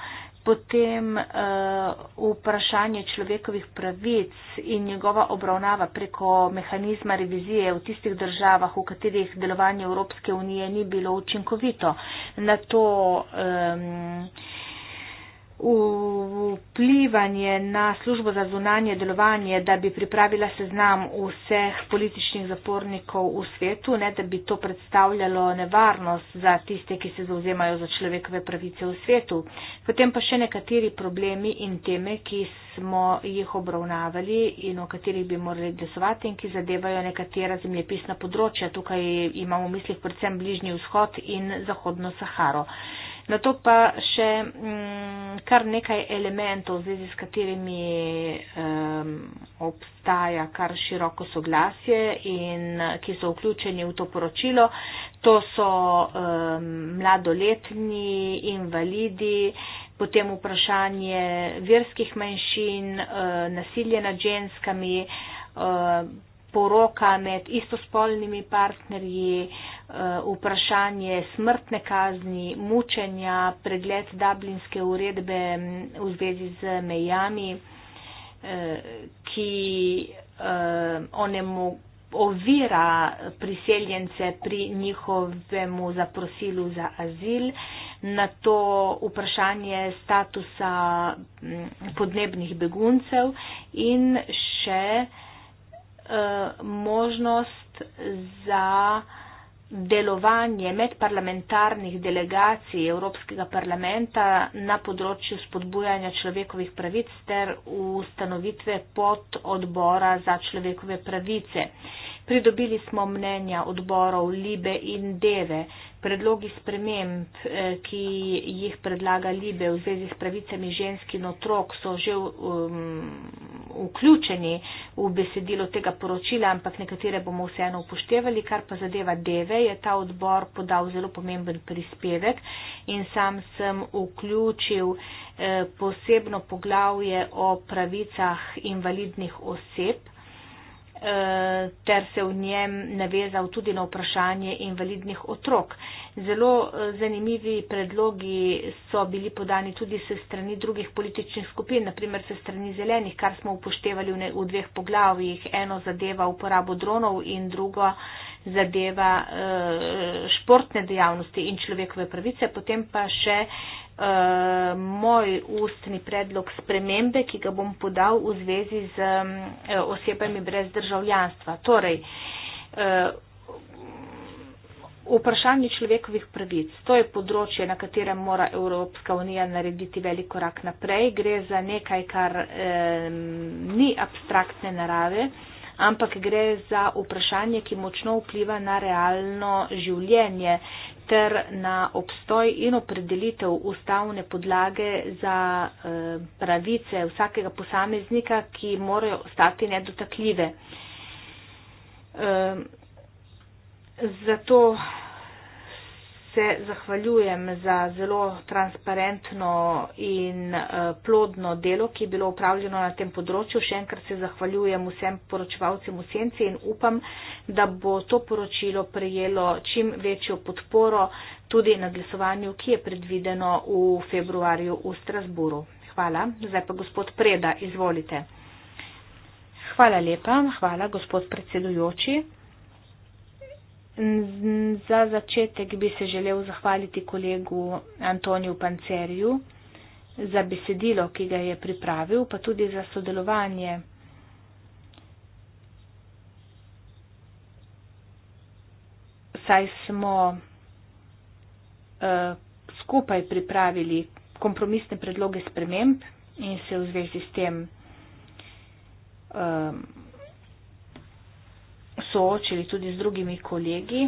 potem uh, vprašanje človekovih pravic in njegova obravnava preko mehanizma revizije v tistih državah, v katerih delovanje Evropske unije ni bilo učinkovito. Na to um, vplivanje na službo za zunanje delovanje, da bi pripravila seznam vseh političnih zapornikov v svetu, ne da bi to predstavljalo nevarnost za tiste, ki se zauzemajo za človekove pravice v svetu. Potem pa še nekateri problemi in teme, ki smo jih obravnavali in o katerih bi morali glasovati in ki zadevajo nekatera zemljepisna področja. Tukaj imamo v mislih predvsem Bližnji vzhod in Zahodno Saharo. Na to pa še mm, kar nekaj elementov, v zvezi s katerimi obstaja kar široko soglasje in ki so vključeni v to poročilo. To so mladoletni invalidi, potem vprašanje verskih manjšin, eh, nasilje nad ženskami, eh, poroka med istospolnimi partnerji, Eh, vprašanje smrtne kazni, mučenja, pregled dublinske uredbe mm, v zvezi z mejami, eh, ki eh, ovira priseljence pri njihovemu zaprosilu za azil, na to vprašanje statusa mm, podnebnih beguncev in še možnost za delovanje medparlamentarnih delegacij Evropskega parlamenta na področju spodbujanja človekovih pravic ter ustanovitve pod odbora za človekove pravice. Pridobili smo mnenja odborov Libe in Deve, predlogi sprememb, eh, ki jih predlaga Libe v zvezi s pravicami žensk in otrok, so že um, vključeni v besedilo tega poročila, ampak nekatere bomo vseeno upoštevali. Kar pa zadeva Deve, je ta odbor podal zelo pomemben prispevek in sam sem vključil eh, posebno poglavje o pravicah invalidnih oseb. Eh, ter se v njem navezal tudi na vprašanje invalidnih otrok. Zelo eh, zanimivi predlogi so bili podani tudi se strani drugih političnih skupin, naprimer se strani zelenih, kar smo upoštevali v, ne, v dveh poglavjih. Eno zadeva uporabo dronov in drugo zadeva uh, športne dejavnosti in človekove pravice. Potem pa še uh, moj ustni predlog spremembe, ki ga bom podal v zvezi z um, osebami brez državljanstva. Torej, uh, vprašanje človekovih pravic. To je področje, na katerem mora Evropska unija narediti velik korak naprej. Gre za nekaj, kar eh, ni abstraktne narave, ampak gre za vprašanje, ki močno vpliva na realno življenje ter na obstoj in opredelitev ustavne podlage za eh, pravice vsakega posameznika, ki morajo ostati nedotakljive. Eh, Zato se zahvaljujem za zelo transparentno in eh, plodno delo, ki je bilo upravljeno na tem področju. Še enkrat se zahvaljujem vsem poročevalcem v senci in upam, da bo to poročilo prejelo čim večjo podporo tudi na glasovanju, ki je predvideno v februarju v Strasburu. Hvala. Zdaj pa gospod Preda, izvolite. Hvala lepa, hvala gospod predsedujoči. Za začetek bi se želel zahvaliti kolegu Antoniju Panceriju za besedilo, ki ga je pripravil, pa tudi za sodelovanje. Saj smo uh, skupaj pripravili kompromisne predloge sprememb in se v zvezi s tem. Uh, soočili tudi z drugimi kolegi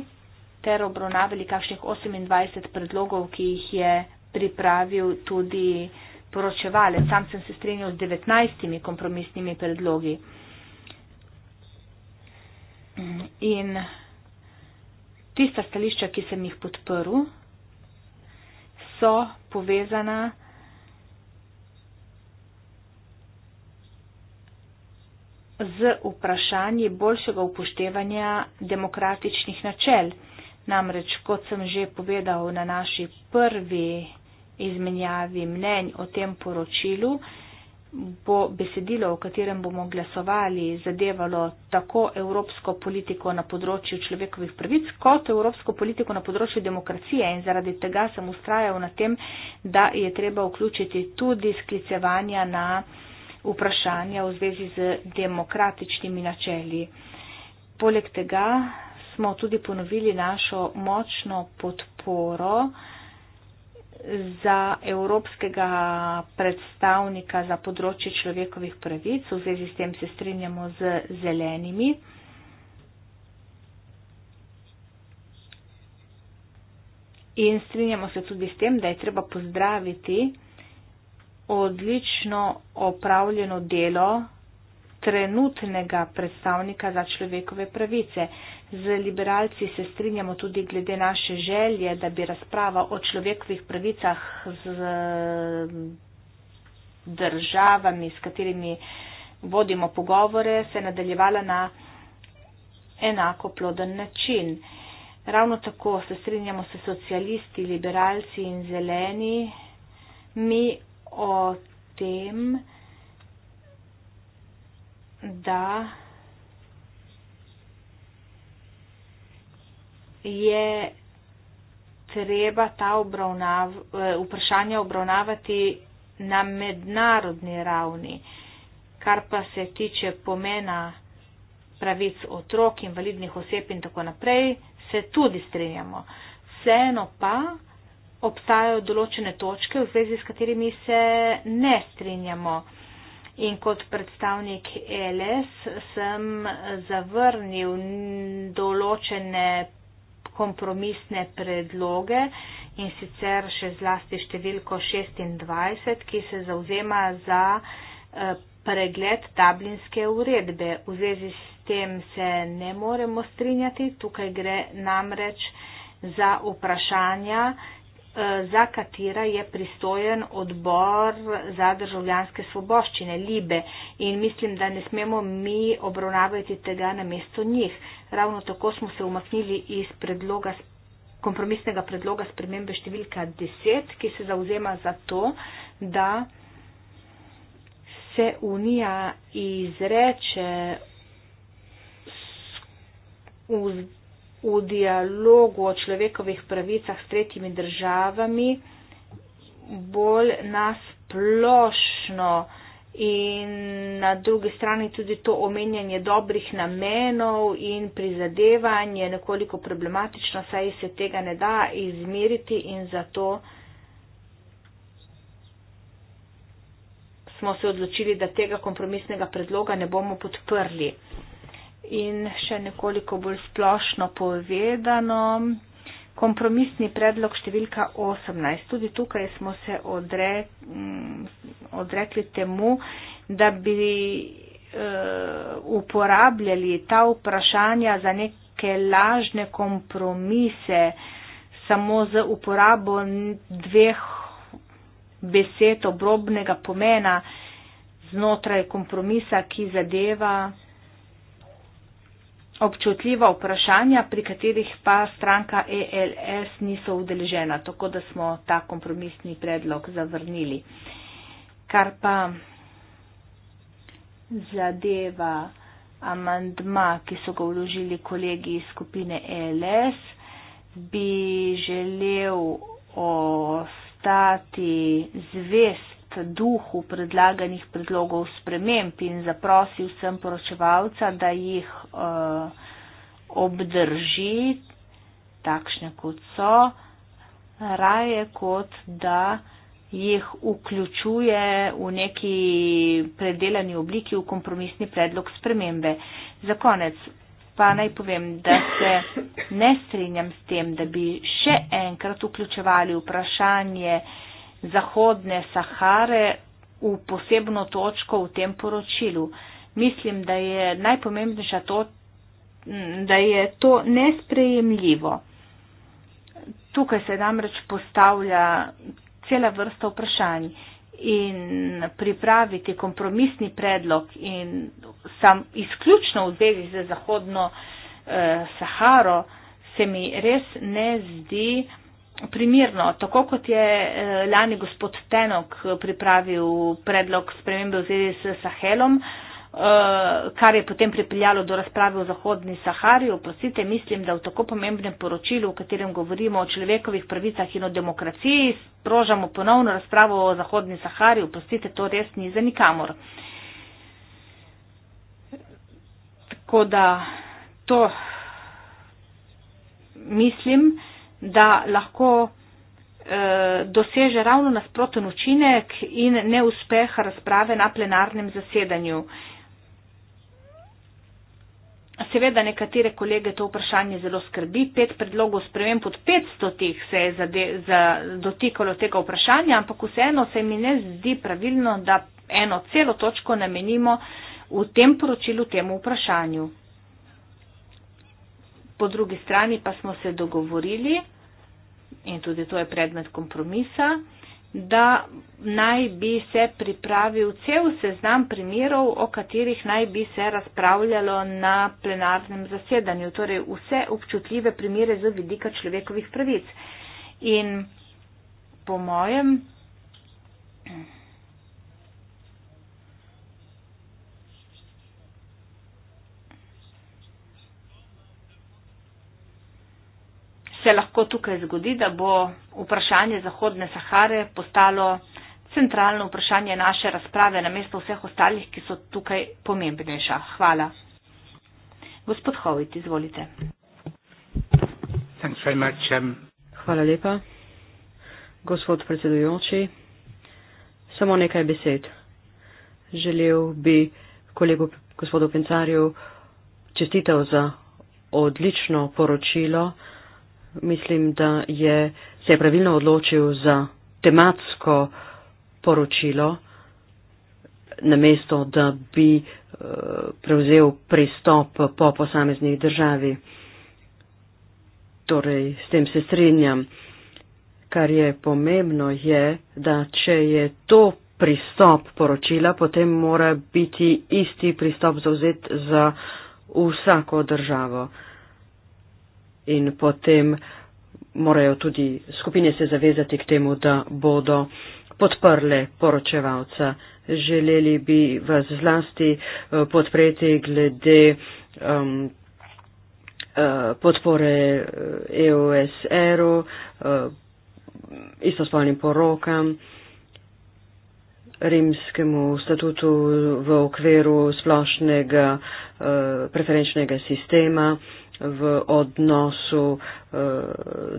ter obravnavali kakšnih 28 predlogov, ki jih je pripravil tudi poročevalec. Sam sem se strinjal z 19 kompromisnimi predlogi. In tista stališča, ki sem jih podprl, so povezana z vprašanji boljšega upoštevanja demokratičnih načel. Namreč, kot sem že povedal na naši prvi izmenjavi mnenj o tem poročilu, bo besedilo, o katerem bomo glasovali, zadevalo tako evropsko politiko na področju človekovih pravic, kot evropsko politiko na področju demokracije in zaradi tega sem ustrajal na tem, da je treba vključiti tudi sklicevanja na vprašanja v zvezi z demokratičnimi načeli. Poleg tega smo tudi ponovili našo močno podporo za evropskega predstavnika za področje človekovih pravic. V zvezi s tem se strinjamo z zelenimi. In strinjamo se tudi s tem, da je treba pozdraviti odlično opravljeno delo trenutnega predstavnika za človekove pravice. Z liberalci se strinjamo tudi glede naše želje, da bi razprava o človekovih pravicah z državami, s katerimi vodimo pogovore, se nadaljevala na enako ploden način. Ravno tako se strinjamo se socialisti, liberalci in zeleni. Mi o tem, da je treba ta obravnav, eh, vprašanja obravnavati na mednarodni ravni. Kar pa se tiče pomena pravic otrok, invalidnih oseb in tako naprej, se tudi strinjamo. Vseeno pa, obstajajo določene točke, v zvezi s katerimi se ne strinjamo. In kot predstavnik LS sem zavrnil določene kompromisne predloge in sicer še zlasti številko 26, ki se zauzema za eh, pregled tablinske uredbe. V zvezi s tem se ne moremo strinjati, tukaj gre namreč za vprašanja, Eh, za katera je pristojen odbor za državljanske svoboščine, Libe. In mislim, da ne smemo mi obravnavati tega na mesto njih. Ravno tako smo se umaknili iz predloga, kompromisnega predloga spremembe številka 10, ki se zauzema za to, da se Unija izreče v v dialogu o človekovih pravicah s tretjimi državami bolj nasplošno in na drugi strani tudi to omenjanje dobrih namenov in prizadevanje nekoliko problematično, saj se tega ne da izmeriti in zato smo se odločili, da tega kompromisnega predloga ne bomo podprli in še nekoliko bolj splošno povedano. Kompromisni predlog številka 18. Tudi tukaj smo se odre, mm, odrekli temu, da bi e, uporabljali ta vprašanja za neke lažne kompromise samo z uporabo dveh besed obrobnega pomena znotraj kompromisa, ki zadeva občutljiva vprašanja, pri katerih pa stranka ELS niso udeležena, tako da smo ta kompromisni predlog zavrnili. Kar pa zadeva amandma, ki so ga vložili kolegi iz skupine ELS, bi želel ostati zvest duhu predlaganih predlogov sprememb in zaprosil sem poročevalca, da jih uh, obdrži takšne, kot so, raje kot da jih vključuje v neki predelani obliki v kompromisni predlog spremembe. Za konec pa naj povem, da se ne strinjam s tem, da bi še enkrat vključevali vprašanje uh, Zahodne Sahare v posebno točko v tem poročilu. Mislim, da je najpomembnejša to, da je to nesprejemljivo. Tukaj se namreč postavlja cela vrsta vprašanj in pripraviti kompromisni predlog in sam izključno v zvezi za Zahodno eh, Saharo se mi res ne zdi primirno, tako kot je eh, lani gospod Tenok eh, pripravil predlog spremembe v zvezi s Sahelom, eh, kar je potem pripeljalo do razprave v Zahodni Sahari, oprostite, mislim, da v tako pomembnem poročilu, v katerem govorimo o človekovih pravicah in o demokraciji, sprožamo ponovno razpravo o Zahodni Sahari, oprostite, to res ni za nikamor. Tako da to mislim, da lahko eh, doseže ravno nasproten učinek in neuspeh razprave na plenarnem zasedanju. Seveda nekatere kolege to vprašanje zelo skrbi. Pet predlogov sprememb od 500 tih se je dotikalo tega vprašanja, ampak vseeno se mi ne zdi pravilno, da eno celo točko namenimo v tem poročilu temu vprašanju po drugi strani pa smo se dogovorili, in tudi to je predmet kompromisa, da naj bi se pripravil cel seznam primerov, o katerih naj bi se razpravljalo na plenarnem zasedanju, torej vse občutljive primere z vidika človekovih pravic. In po mojem se lahko tukaj zgodi, da bo vprašanje Zahodne Sahare postalo centralno vprašanje naše razprave na mesto vseh ostalih, ki so tukaj pomembnejša. Hvala. Gospod Hovit, izvolite. Um, Hvala lepa. Gospod predsedujoči, samo nekaj besed. Želel bi kolegu gospodu Pencarju čestitev za odlično poročilo mislim, da je, se je pravilno odločil za tematsko poročilo, namesto da bi eh, prevzel pristop po posamezni državi. Torej, s tem se strinjam. Kar je pomembno je, da če je to pristop poročila, potem mora biti isti pristop zauzet za vsako državo. Uh, in potem morajo tudi skupine se zavezati k temu, da bodo podprle poročevalca. Želeli bi vas zlasti eh, podpreti glede um, eh, podpore EOSR-u, eh, e istospolnim porokam, rimskemu statutu v okviru splošnega preferenčnega sistema v odnosu e,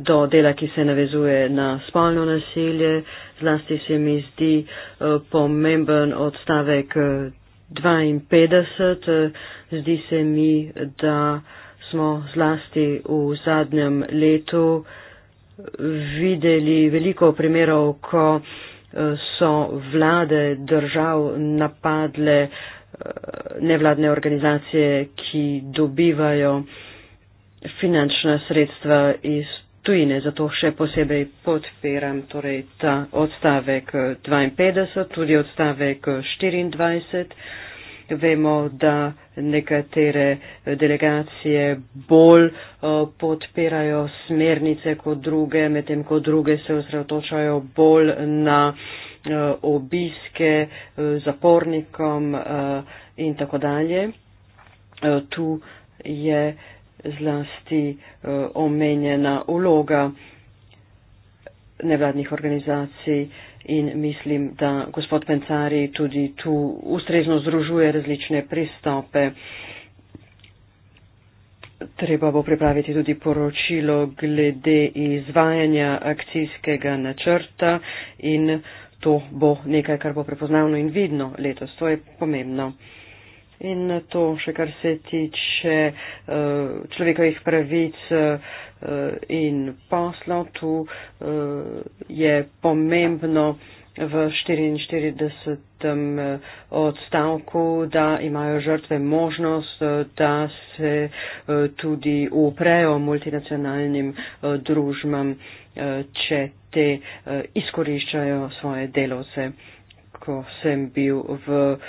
do dela, ki se navezuje na spolno nasilje. Zlasti se mi zdi e, pomemben odstavek 52. Eh, zdi se mi, da smo zlasti v zadnjem letu videli veliko primerov, ko so vlade držav napadle nevladne organizacije, ki dobivajo uh, finančna sredstva iz tujine, zato še posebej podpiram torej ta odstavek 52, tudi odstavek 24. Vemo, da nekatere delegacije bolj podpirajo smernice kot druge, medtem ko druge se osredotočajo bolj na obiske zapornikom in tako dalje. Tu je zlasti uh, omenjena vloga nevladnih organizacij in mislim, da gospod Pencari tudi tu ustrezno združuje različne pristope. Treba bo pripraviti tudi poročilo glede izvajanja akcijskega načrta in to bo nekaj, kar bo prepoznavno in vidno letos. To je pomembno. In to še kar se tiče uh, človekovih pravic uh, in poslov, tu uh, je pomembno v 44. odstavku, da imajo žrtve možnost, da se tudi uprejo multinacionalnim družbam, če te izkoriščajo svoje delovce ko sem bil v eh,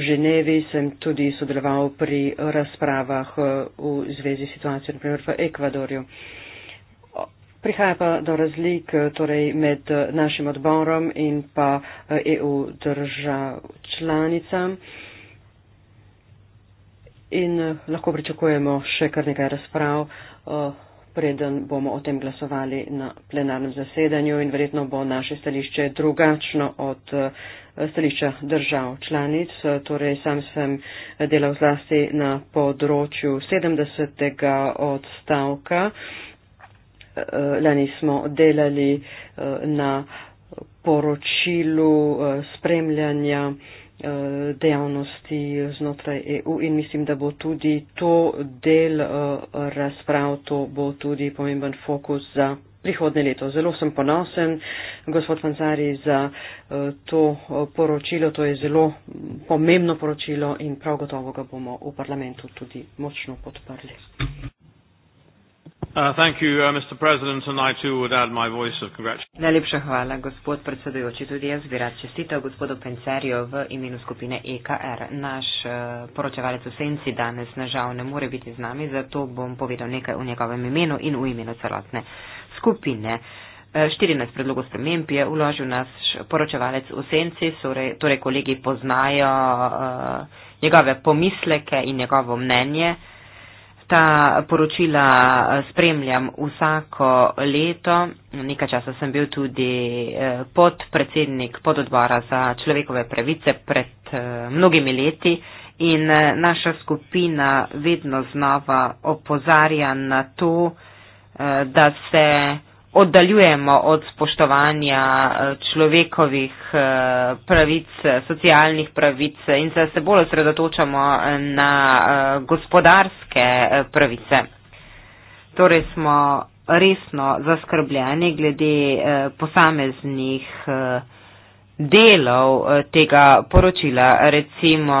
Ženevi, sem tudi sodeloval pri razpravah eh, v zvezi s situacijo, naprimer v Ekvadorju. Prihaja pa do razlik eh, torej med našim odborom in pa EU e držav članicam. In lahko pričakujemo še kar nekaj razprav. Uh, preden bomo o tem glasovali na plenarnem zasedanju in verjetno bo naše stališče drugačno od eh, stališča držav članic. Eh, torej sam sem delal zlasti na področju 70. odstavka. Eh, lani smo delali na poročilu spremljanja Eh, dejavnosti znotraj EU in mislim, da bo tudi to del eh, razprav, to bo tudi pomemben fokus za prihodne leto. Zelo sem ponosen, gospod Fanzari, za eh, to poročilo. To je zelo pomembno poročilo in prav gotovo ga bomo v parlamentu tudi močno podprli. Uh, uh, Najlepša hvala, gospod predsedujoči. Tudi jaz bi rad čestitev gospodu Pencerju v imenu skupine EKR. Naš uh, poročevalec v senci danes nažal ne more biti z nami, zato bom povedal nekaj v njegovem imenu in v imenu celotne skupine. 14 uh, predlogov sprememb je uložil naš poročevalec v senci, torej, torej kolegi poznajo uh, njegove pomisleke in njegovo mnenje. Uh, ta poročila eh, spremljam vsako leto. Nekaj časa sem bil tudi eh, podpredsednik pododbora za človekove pravice pred eh, mnogimi leti in naša skupina vedno znova opozarja na to, da se oddaljujemo od spoštovanja eh, človekovih eh, pravic, socialnih pravic in se, se bolj osredotočamo eh, na gospodarske pravice. Torej smo resno zaskrbljeni glede posameznih pravic delov eh, tega poročila, recimo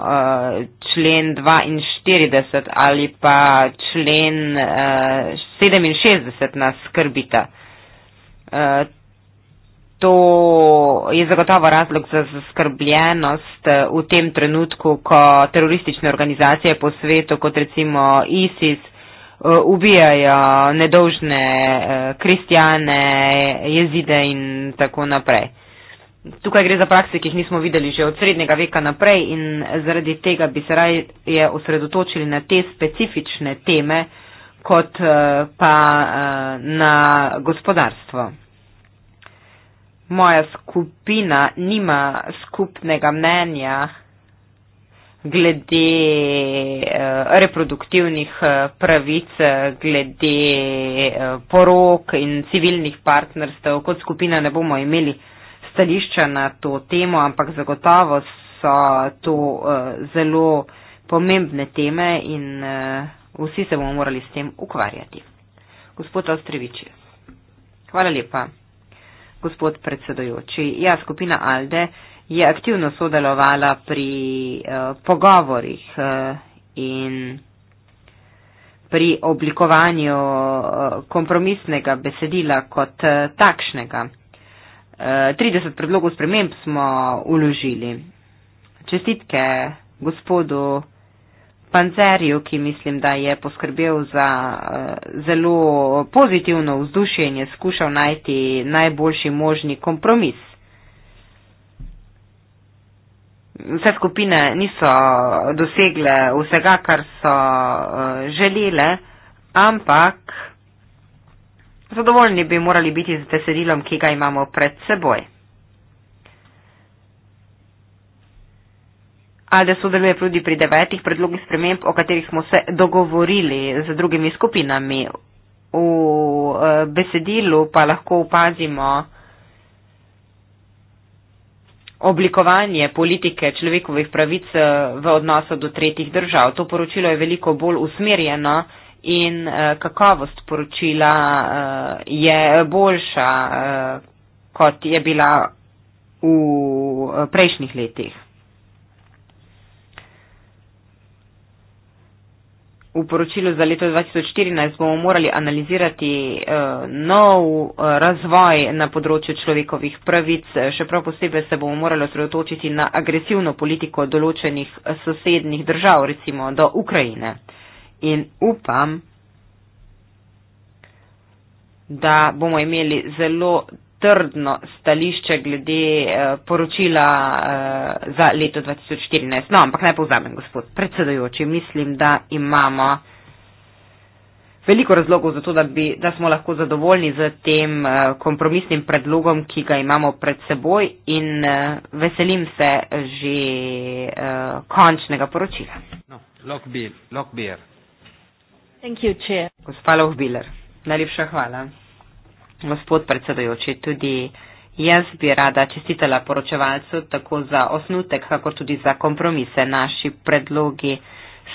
eh, člen 42 ali pa člen 67 eh, nas skrbita. To je zagotovo razlog za zaskrbljenost v tem trenutku, ko teroristične organizacije po svetu, kot recimo ISIS, ubijajo nedolžne kristjane, jezide in tako naprej tukaj gre za prakse, ki jih nismo videli že od srednjega veka naprej in zaradi tega bi se raje osredotočili na te specifične teme, kot eh, pa eh, na gospodarstvo. Moja skupina nima skupnega mnenja glede eh, reproduktivnih pravic, glede porok in civilnih partnerstev. Kot skupina ne bomo imeli stališča na to temo, ampak zagotovo so to uh, zelo pomembne teme in uh, vsi se bomo morali s tem ukvarjati. Gospod Ostrevič, hvala lepa. Gospod predsedojoči, ja, skupina Alde je aktivno sodelovala pri uh, pogovorih uh, in pri oblikovanju uh, kompromisnega besedila kot uh, takšnega. 30 predlogov sprememb smo uložili. Čestitke gospodu Panzerju, ki mislim, da je poskrbel za eh, zelo pozitivno vzdušje in je skušal najti najboljši možni kompromis. Vse skupine niso dosegle vsega, kar so eh, želele, ampak Zadovoljni bi morali biti z besedilom, ki ga imamo pred seboj. Alde sodeluje tudi pri devetih predlogih sprememb, o katerih smo se dogovorili z drugimi skupinami. V eh, besedilu pa lahko upazimo oblikovanje politike človekovih pravic eh, v odnosu do tretjih držav. To poročilo je veliko bolj usmerjeno in uh, kakovost poročila uh, je boljša, uh, kot je bila v prejšnjih letih. V poročilu za leto 2014 bomo morali analizirati uh, nov uh, razvoj na področju človekovih pravic. Še prav posebej se bomo morali osredotočiti na agresivno politiko določenih sosednih držav, recimo do Ukrajine. Uh, in upam, da bomo imeli zelo trdno stališče glede eh, poročila eh, za leto 2014. No, ampak naj povzamem, gospod predsedujoči, mislim, da imamo veliko razlogov za to, da, bi, da smo lahko zadovoljni z tem eh, kompromisnim predlogom, ki ga imamo pred seboj in veselim se že končnega poročila. No, lock beer, lock beer. Gospa Lohbiler, najlepša hvala. Gospod predsedojoči, tudi jaz bi rada čestitela poročevalcu tako za osnutek, kako tudi za kompromise. Naši predlogi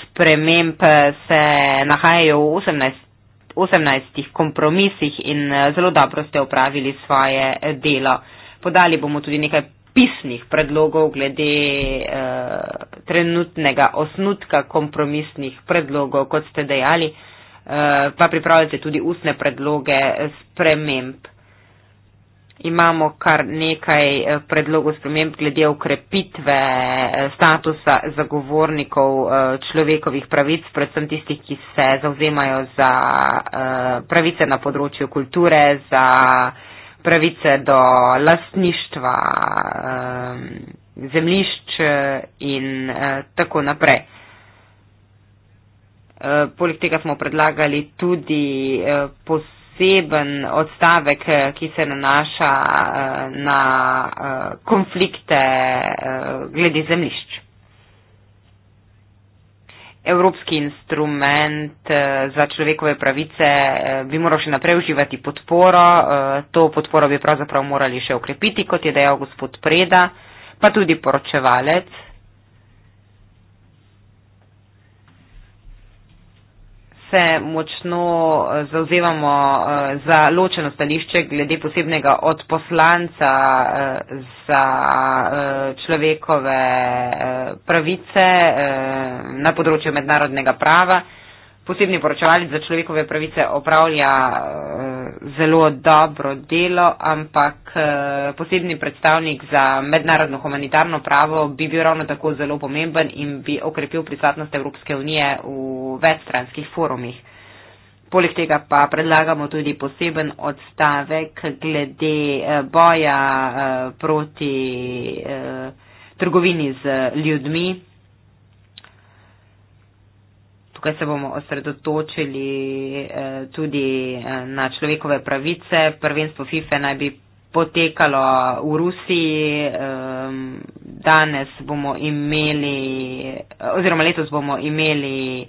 sprememb se nahajajo v 18, 18 kompromisih in eh, zelo dobro ste upravili svoje delo. Podali bomo tudi nekaj pisnih predlogov glede uh, trenutnega osnutka kompromisnih predlogov, kot ste dejali, uh, pa pripravljate tudi ustne predloge sprememb. Imamo kar nekaj eh, predlogov sprememb glede ukrepitve statusa zagovornikov človekovih pravic, predvsem tistih, ki se zauzemajo za pravice na področju kulture, za uh, pravice do lastništva, zemljišč in eh, tako naprej. Eh, poleg tega smo predlagali tudi eh, poseben odstavek, ki se nanaša na konflikte glede zemljišč evropski instrument eh, za človekove pravice eh, bi moral še naprej uživati podporo. Eh, to podporo bi pravzaprav morali še okrepiti, kot je dejal gospod Preda, pa tudi poročevalec se močno eh, zauzevamo eh, za ločeno stališče glede posebnega od poslanca eh, za človekove pravice na področju mednarodnega prava posebni poročevalec za človekove pravice opravlja uh, zelo dobro delo, ampak uh, posebni predstavnik za mednarodno humanitarno pravo bi bil ravno tako zelo pomemben in bi okrepil prisotnost Evropske unije v večstranskih forumih. Poleg tega pa predlagamo tudi poseben odstavek glede eh, boja proti trgovini z ljudmi, tukaj se bomo osredotočili eh, tudi eh, na človekove pravice. Prvenstvo FIFA e naj bi potekalo v Rusiji. Ehm, danes bomo imeli, eh, oziroma letos bomo imeli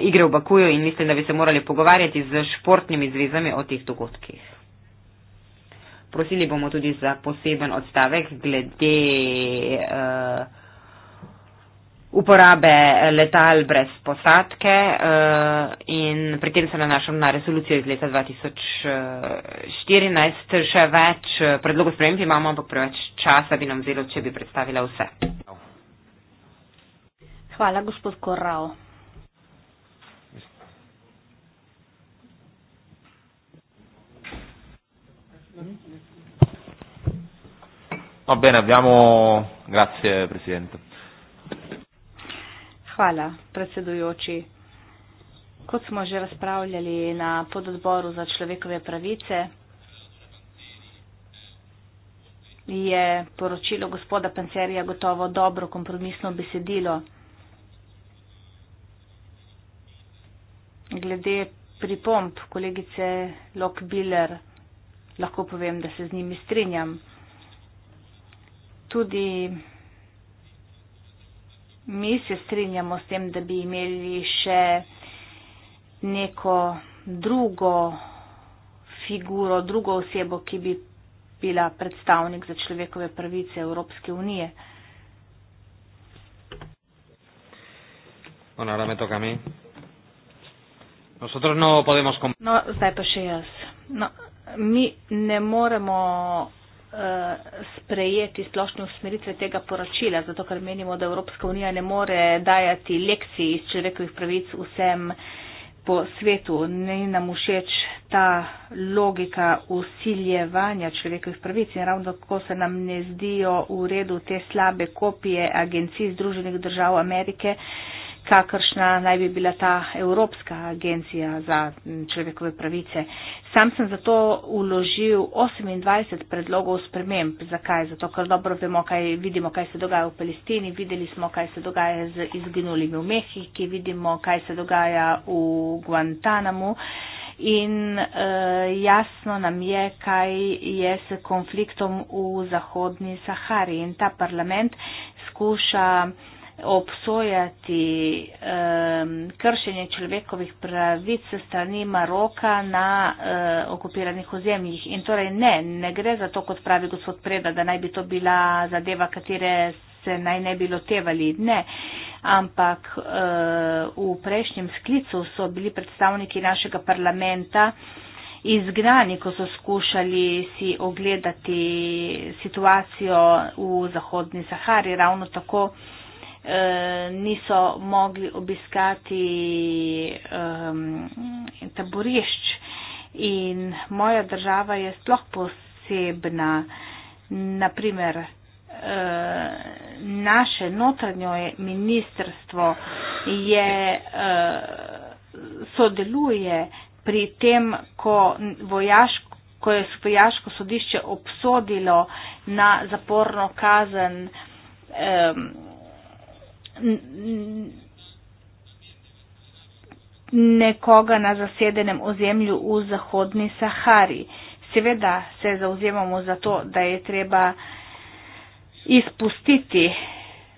igre v Bakuju in mislim, da bi se morali pogovarjati z športnimi zvezami o teh dogodkih. Prosili bomo tudi za poseben odstavek glede uh, uporabe letal brez posadke eh, in pri tem se nanašam na resolucijo iz leta 2014. Še več eh, predlogov sprememb imamo, ampak preveč časa bi nam vzelo, če bi predstavila vse. Hvala, gospod Korao. Va no, bene, abbiamo... grazie Presidente. Hvala, predsedujoči. Kot smo že razpravljali na pododboru za človekove pravice, je poročilo gospoda Pancerija gotovo dobro kompromisno besedilo. Glede pripomb kolegice Lokbiller lahko povem, da se z njimi strinjam. Tudi Mi se strinjamo s tem, da bi imeli še neko drugo figuro, drugo osebo, ki bi bila predstavnik za človekove pravice Evropske unije. No, no, zdaj pa še jaz. No, mi ne moremo sprejeti splošne usmeritve tega poročila, zato ker menimo, da Evropska unija ne more dajati lekcij iz človekovih pravic vsem po svetu. Ni nam všeč ta logika usiljevanja človekovih pravic in ravno tako se nam ne zdijo v redu te slabe kopije Agencij Združenih držav Amerike, kakršna naj bi bila ta Evropska agencija za človekove pravice. Sam sem zato uložil 28 predlogov sprememb. Zakaj? Zato, ker dobro vemo, kaj vidimo, kaj se dogaja v Palestini, videli smo, kaj se dogaja z izginulimi v Mehiki, vidimo, kaj se dogaja v Guantanamu. In e, jasno nam je, kaj je s konfliktom v Zahodni Sahari. In ta parlament skuša obsojati um, kršenje človekovih pravic strani Maroka na uh, okupiranih ozemljih. In torej ne, ne gre za to, kot pravi gospod Preda, da naj bi to bila zadeva, katere se naj ne bi lotevali. Ne, ampak uh, v prejšnjem sklicu so bili predstavniki našega parlamenta izgnani, ko so skušali si ogledati situacijo v Zahodni Sahari, ravno tako niso mogli obiskati um, taborišč in moja država je sploh posebna. Naprimer, uh, eh, naše notranjo ministrstvo je, uh, sodeluje pri tem, ko, vojaško, ko je vojaško sodišče obsodilo na zaporno kazen um, nekoga na zasedenem ozemlju v Zahodni Sahari. Seveda se zauzemamo za to, da je treba izpustiti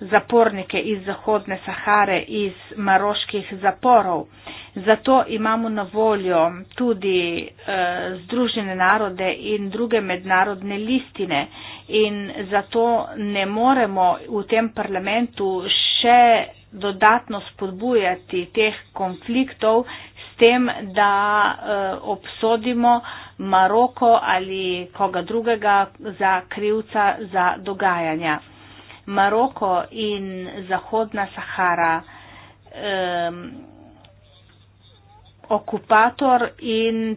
zapornike iz Zahodne Sahare, iz maroških zaporov. Zato imamo na voljo tudi eh, Združene narode in druge mednarodne listine in zato ne moremo v tem parlamentu še dodatno spodbujati teh konfliktov s tem, da eh, obsodimo Maroko ali koga drugega za krivca za dogajanja. Maroko in Zahodna Sahara, um, okupator in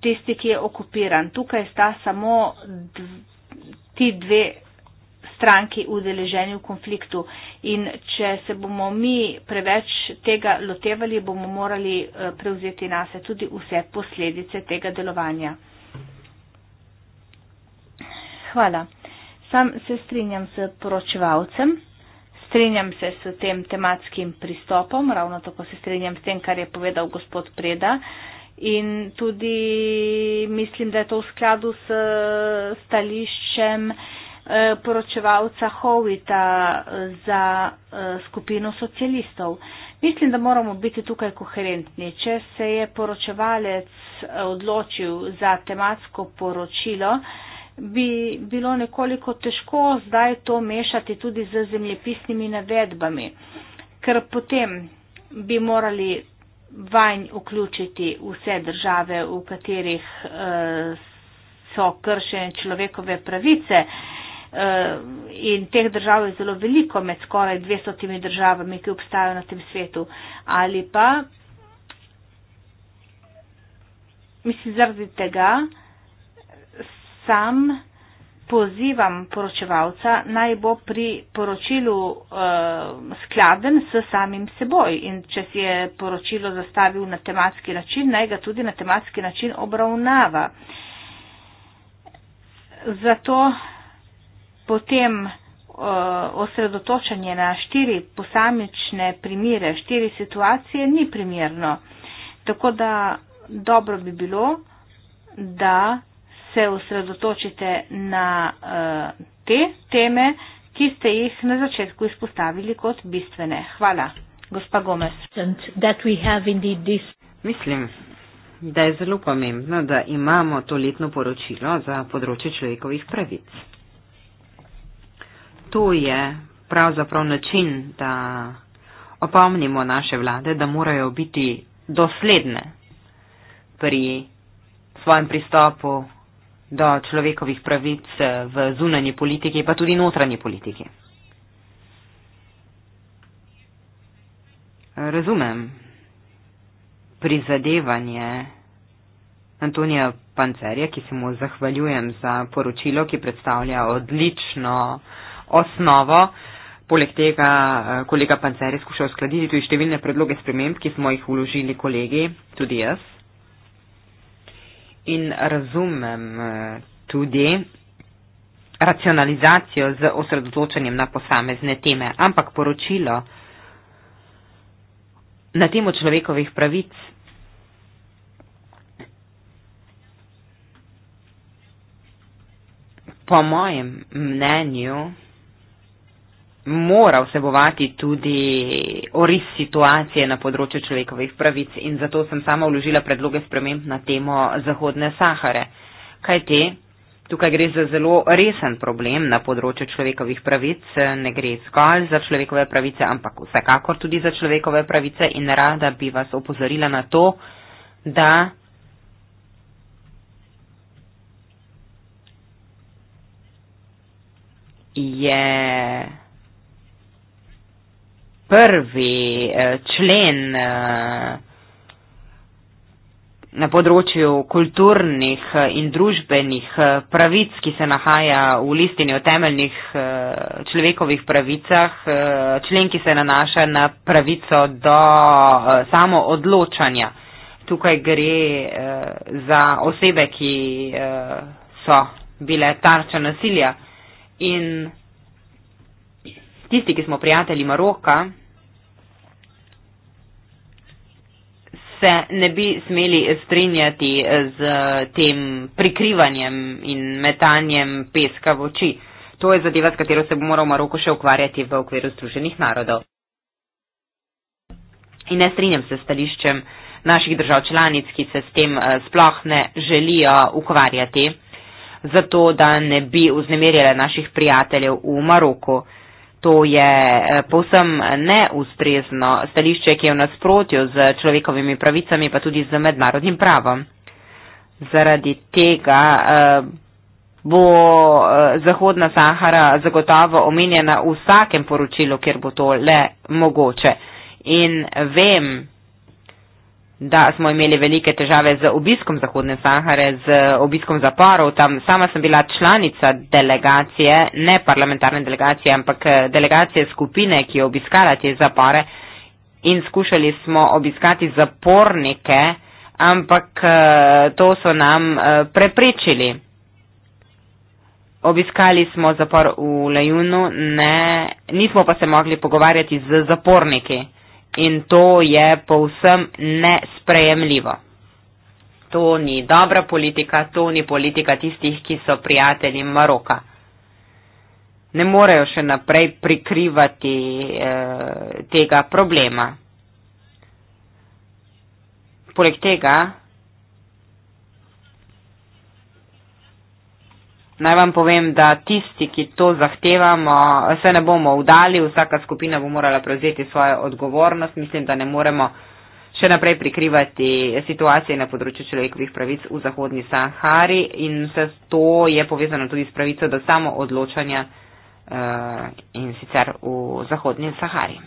tisti, ki je okupiran. Tukaj sta samo dv, ti dve stranki udeleženi v konfliktu in če se bomo mi preveč tega lotevali, bomo morali eh, prevzeti nase tudi vse posledice tega delovanja. Hvala. Sam se strinjam s poročevalcem, strinjam se s tem tematskim pristopom, ravno tako se strinjam s tem, kar je povedal gospod Preda. In tudi mislim, da je to v skladu s stališčem eh, poročevalca Hovita eh, za eh, skupino socialistov. Mislim, da moramo biti tukaj koherentni. Če se je poročevalec odločil za tematsko poročilo, bi bilo nekoliko težko zdaj to mešati tudi z zemljepisnimi navedbami, ker potem bi morali vanj vključiti vse države, v katerih uh, so kršene človekove pravice. Eh, in teh držav je zelo veliko med skoraj 200 državami, ki obstajajo na tem svetu. Ali pa, mislim, zaradi tega, sam pozivam poročevalca naj bo pri poročilu uh, skladen s samim seboj in če si je poročilo zastavil na tematski način, naj ga tudi na tematski način obravnava. Zato potem uh, osredotočanje na štiri posamične primere, štiri situacije ni primerno. Tako da dobro bi bilo, da se osredotočite na eh, te teme, ki ste jih na začetku izpostavili kot bistvene. Hvala, gospa Gomez. Mislim, da je zelo pomembno, da imamo to letno poročilo za področje človekovih pravic. To je pravzaprav način, da opomnimo naše vlade, da morajo biti dosledne pri svojem pristopu do človekovih pravic eh, v zunanji politiki, pa tudi notranji politiki. Razumem prizadevanje Antonija Pancerja, ki se mu zahvaljujem za poročilo, ki predstavlja odlično osnovo. Poleg tega eh, kolega Pancer je skušal skladiti tudi številne predloge sprememb, ki smo jih vložili kolegi, tudi jaz in razumem eh, tudi racionalizacijo z osredotočanjem na posamezne teme, ampak poročilo na temo človekovih pravic po mojem mnenju mora vsebovati tudi oris situacije na področju človekovih pravic in zato sem sama vložila predloge sprememb na temo Zahodne Sahare. Kaj te? Tukaj gre za zelo resen problem na področju človekovih pravic, ne gre zgolj za človekove pravice, ampak vsekakor tudi za človekove pravice in rada bi vas opozorila na to, da je. Yeah prvi eh, člen eh, na področju kulturnih eh, in družbenih pravic, ki se nahaja v listini o temeljnih človekovih pravicah, člen, ki se nanaša na pravico do samo odločanja. Tukaj gre za osebe, ki so bile tarča nasilja in tisti, ki smo prijatelji Maroka, se ne bi smeli strinjati z tem prikrivanjem in metanjem peska v oči. To je zadeva, s katero se bo moral Maroko še ukvarjati v okviru Združenih narodov. In ne strinjam se s stališčem naših držav članic, ki se s tem eh, sploh ne želijo ukvarjati, zato da ne bi vznemirjale naših prijateljev v Maroku. To je eh, povsem neustrezno stališče, ki je v nasprotju z človekovimi pravicami, pa tudi z mednarodnim pravom. Zaradi tega eh, bo eh, Zahodna Sahara zagotovo omenjena v vsakem poročilu, kjer bo to le mogoče. In vem, da smo imeli velike težave z obiskom Zahodne Sahare, z obiskom zaporov. Tam sama sem bila članica delegacije, ne parlamentarne delegacije, ampak eh, delegacije skupine, ki je obiskala te zapore in skušali smo obiskati zapornike, ampak eh, to so nam eh, preprečili. Obiskali smo zapor v Lajunu, ne, nismo pa se mogli pogovarjati z zaporniki in to je povsem nesprejemljivo. To ni dobra politika, to ni politika tistih, ki so prijatelji Maroka. Ne morejo še naprej prikrivati eh, tega problema. Poleg tega Naj vam povem, da tisti, ki to zahtevamo, se ne bomo vdali, vsaka skupina bo morala prevzeti svojo odgovornost. Mislim, da ne moremo še naprej prikrivati situacije na področju človekovih pravic v Zahodni Sahari in vse to je povezano tudi s pravico do samo odločanja uh, eh, in sicer v Zahodni Sahari.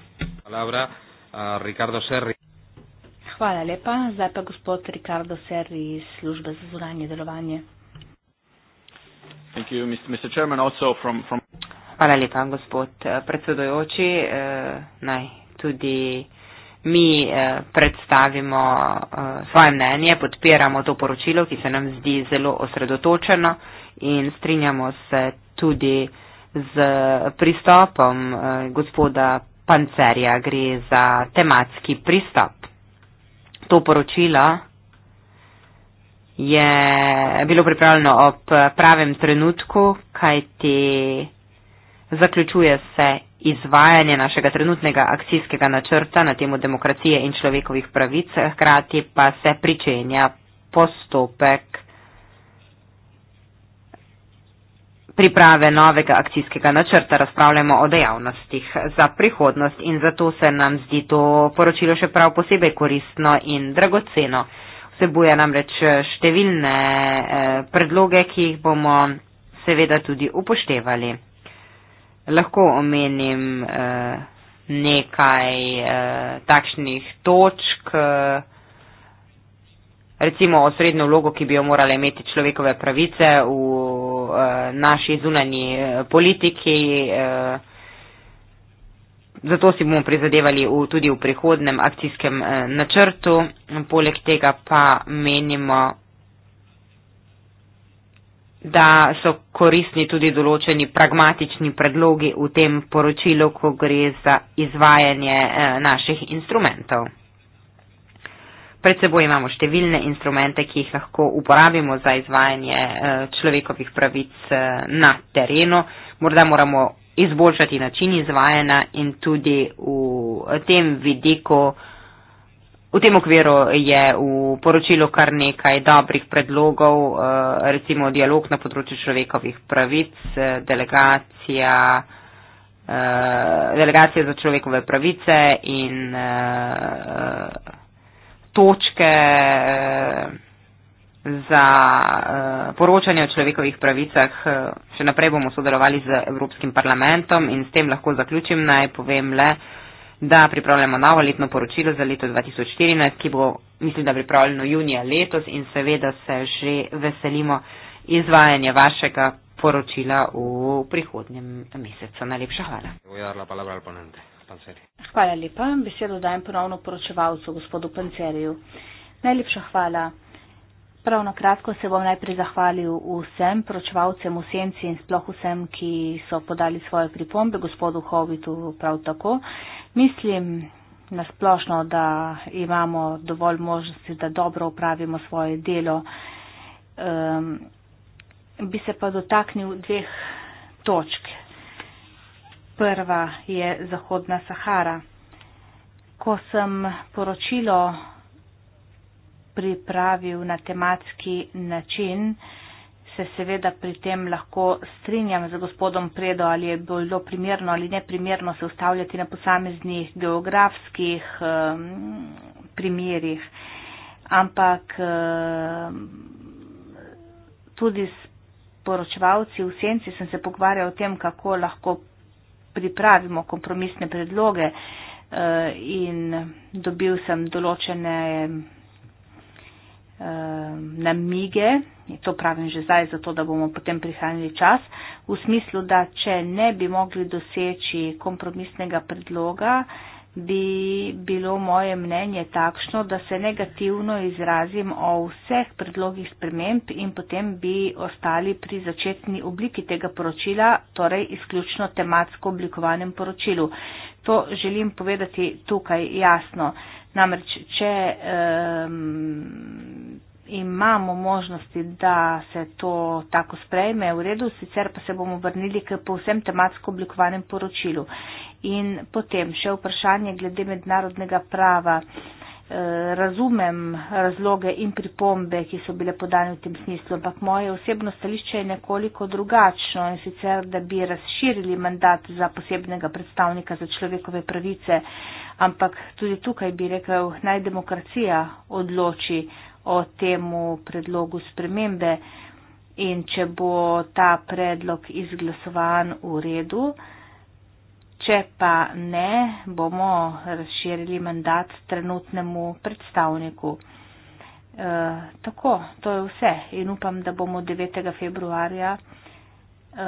Eh, Hvala lepa, zdaj pa gospod Ricardo Serri iz službe za zunanje delovanje. Thank you, Mr. Chairman, also from, from Hvala lepa, gospod eh, predsedojoči. Eh, naj tudi mi eh, predstavimo svoje mnenje, podpiramo to poročilo, ki se nam zdi zelo osredotočeno in strinjamo se tudi z pristopom gospoda pancerja. Gre za tematski pristop. To poročilo je bilo pripravljeno ob pravem trenutku, kajti zaključuje se izvajanje našega trenutnega akcijskega načrta na temo demokracije in človekovih pravic, hkrati pa se pričenja postopek priprave novega akcijskega načrta. Razpravljamo o dejavnostih za prihodnost in zato se nam zdi to poročilo še prav posebej koristno in dragoceno vsebuje namreč eh, številne eh, predloge, ki jih bomo seveda tudi upoštevali. Lahko omenim eh, nekaj takšnih točk, recimo osrednjo vlogo, ki bi jo morale imeti človekove pravice v naši zunani politiki. Zato si bomo prizadevali v, tudi v prihodnem akcijskem eh, načrtu. Poleg tega pa menimo, da so koristni tudi določeni pragmatični predlogi v tem poročilu, ko gre za izvajanje eh, naših instrumentov. Pred seboj imamo številne instrumente, ki jih lahko uporabimo za izvajanje eh, človekovih pravic eh, na terenu. Morda moramo izboljšati način izvajanja in tudi v tem vidiku, v tem okviru je v poročilu kar nekaj dobrih predlogov, eh, recimo dialog na področju človekovih pravic, eh, delegacija, eh, delegacija za človekove pravice in točke za eh, poročanje o človekovih pravicah. Eh, še naprej bomo sodelovali z Evropskim parlamentom in s tem lahko zaključim. Naj povem le, da pripravljamo novo letno poročilo za leto 2014, ki bo, mislim, da pripravljeno junija letos in seveda se že veselimo izvajanja vašega poročila v prihodnjem mesecu. Najlepša hvala. Hvala lepa. Besedo dajem ponovno poročevalcu, gospodu Pancerju. Najlepša hvala. Prav na kratko se bom najprej zahvalil vsem pročevalcem v senci in sploh vsem, ki so podali svoje pripombe, gospodu Hovitu prav tako. Mislim nasplošno, da imamo dovolj možnosti, da dobro upravimo svoje delo. Um, bi se pa dotaknil dveh točk. Prva je Zahodna Sahara. Ko sem poročilo pripravil na tematski način. Se seveda pri tem lahko strinjam z gospodom Predo, ali je bilo primerno ali ne primerno se ustavljati na posameznih geografskih um, primerjih. Ampak um, tudi s poročevalci v senci sem se pogovarjal o tem, kako lahko pripravimo kompromisne predloge uh, in dobil sem določene. Um, Ehm, namige, to pravim že zdaj, zato da bomo potem prihranili čas, v smislu, da če ne bi mogli doseči kompromisnega predloga, bi bilo moje mnenje takšno, da se negativno izrazim o vseh predlogih sprememb in potem bi ostali pri začetni obliki tega poročila, torej izključno tematsko oblikovanem poročilu. To želim povedati tukaj jasno. Namreč, če um, imamo možnosti, da se to tako sprejme, v redu, sicer pa se bomo vrnili k povsem tematsko oblikovanem poročilu. In potem še vprašanje glede mednarodnega prava. E, razumem razloge in pripombe, ki so bile podane v tem smislu, ampak moje osebno stališče je nekoliko drugačno in sicer, da bi razširili mandat za posebnega predstavnika za človekove pravice ampak tudi tukaj bi rekel, naj demokracija odloči o temu predlogu spremembe in če bo ta predlog izglasovan v redu, če pa ne, bomo razširili mandat trenutnemu predstavniku. E, tako, to je vse in upam, da bomo 9. februarja e,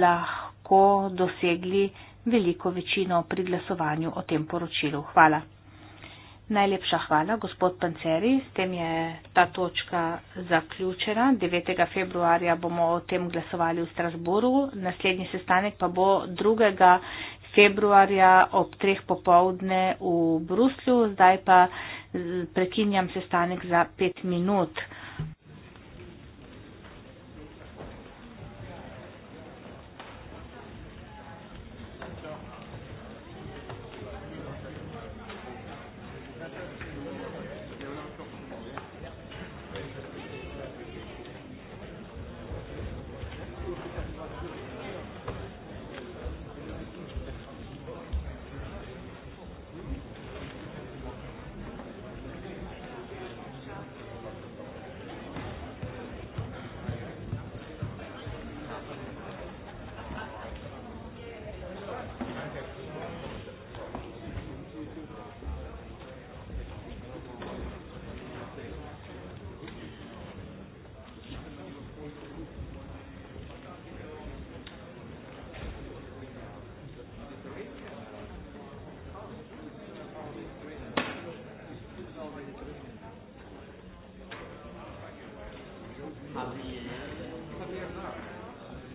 lahko dosegli veliko večino pri glasovanju o tem poročilu. Hvala. Najlepša hvala, gospod Panceri. S tem je ta točka zaključena. 9. februarja bomo o tem glasovali v Strasburu. Naslednji sestanek pa bo 2. februarja ob 3. popovdne v Bruslju. Zdaj pa prekinjam sestanek za 5 minut.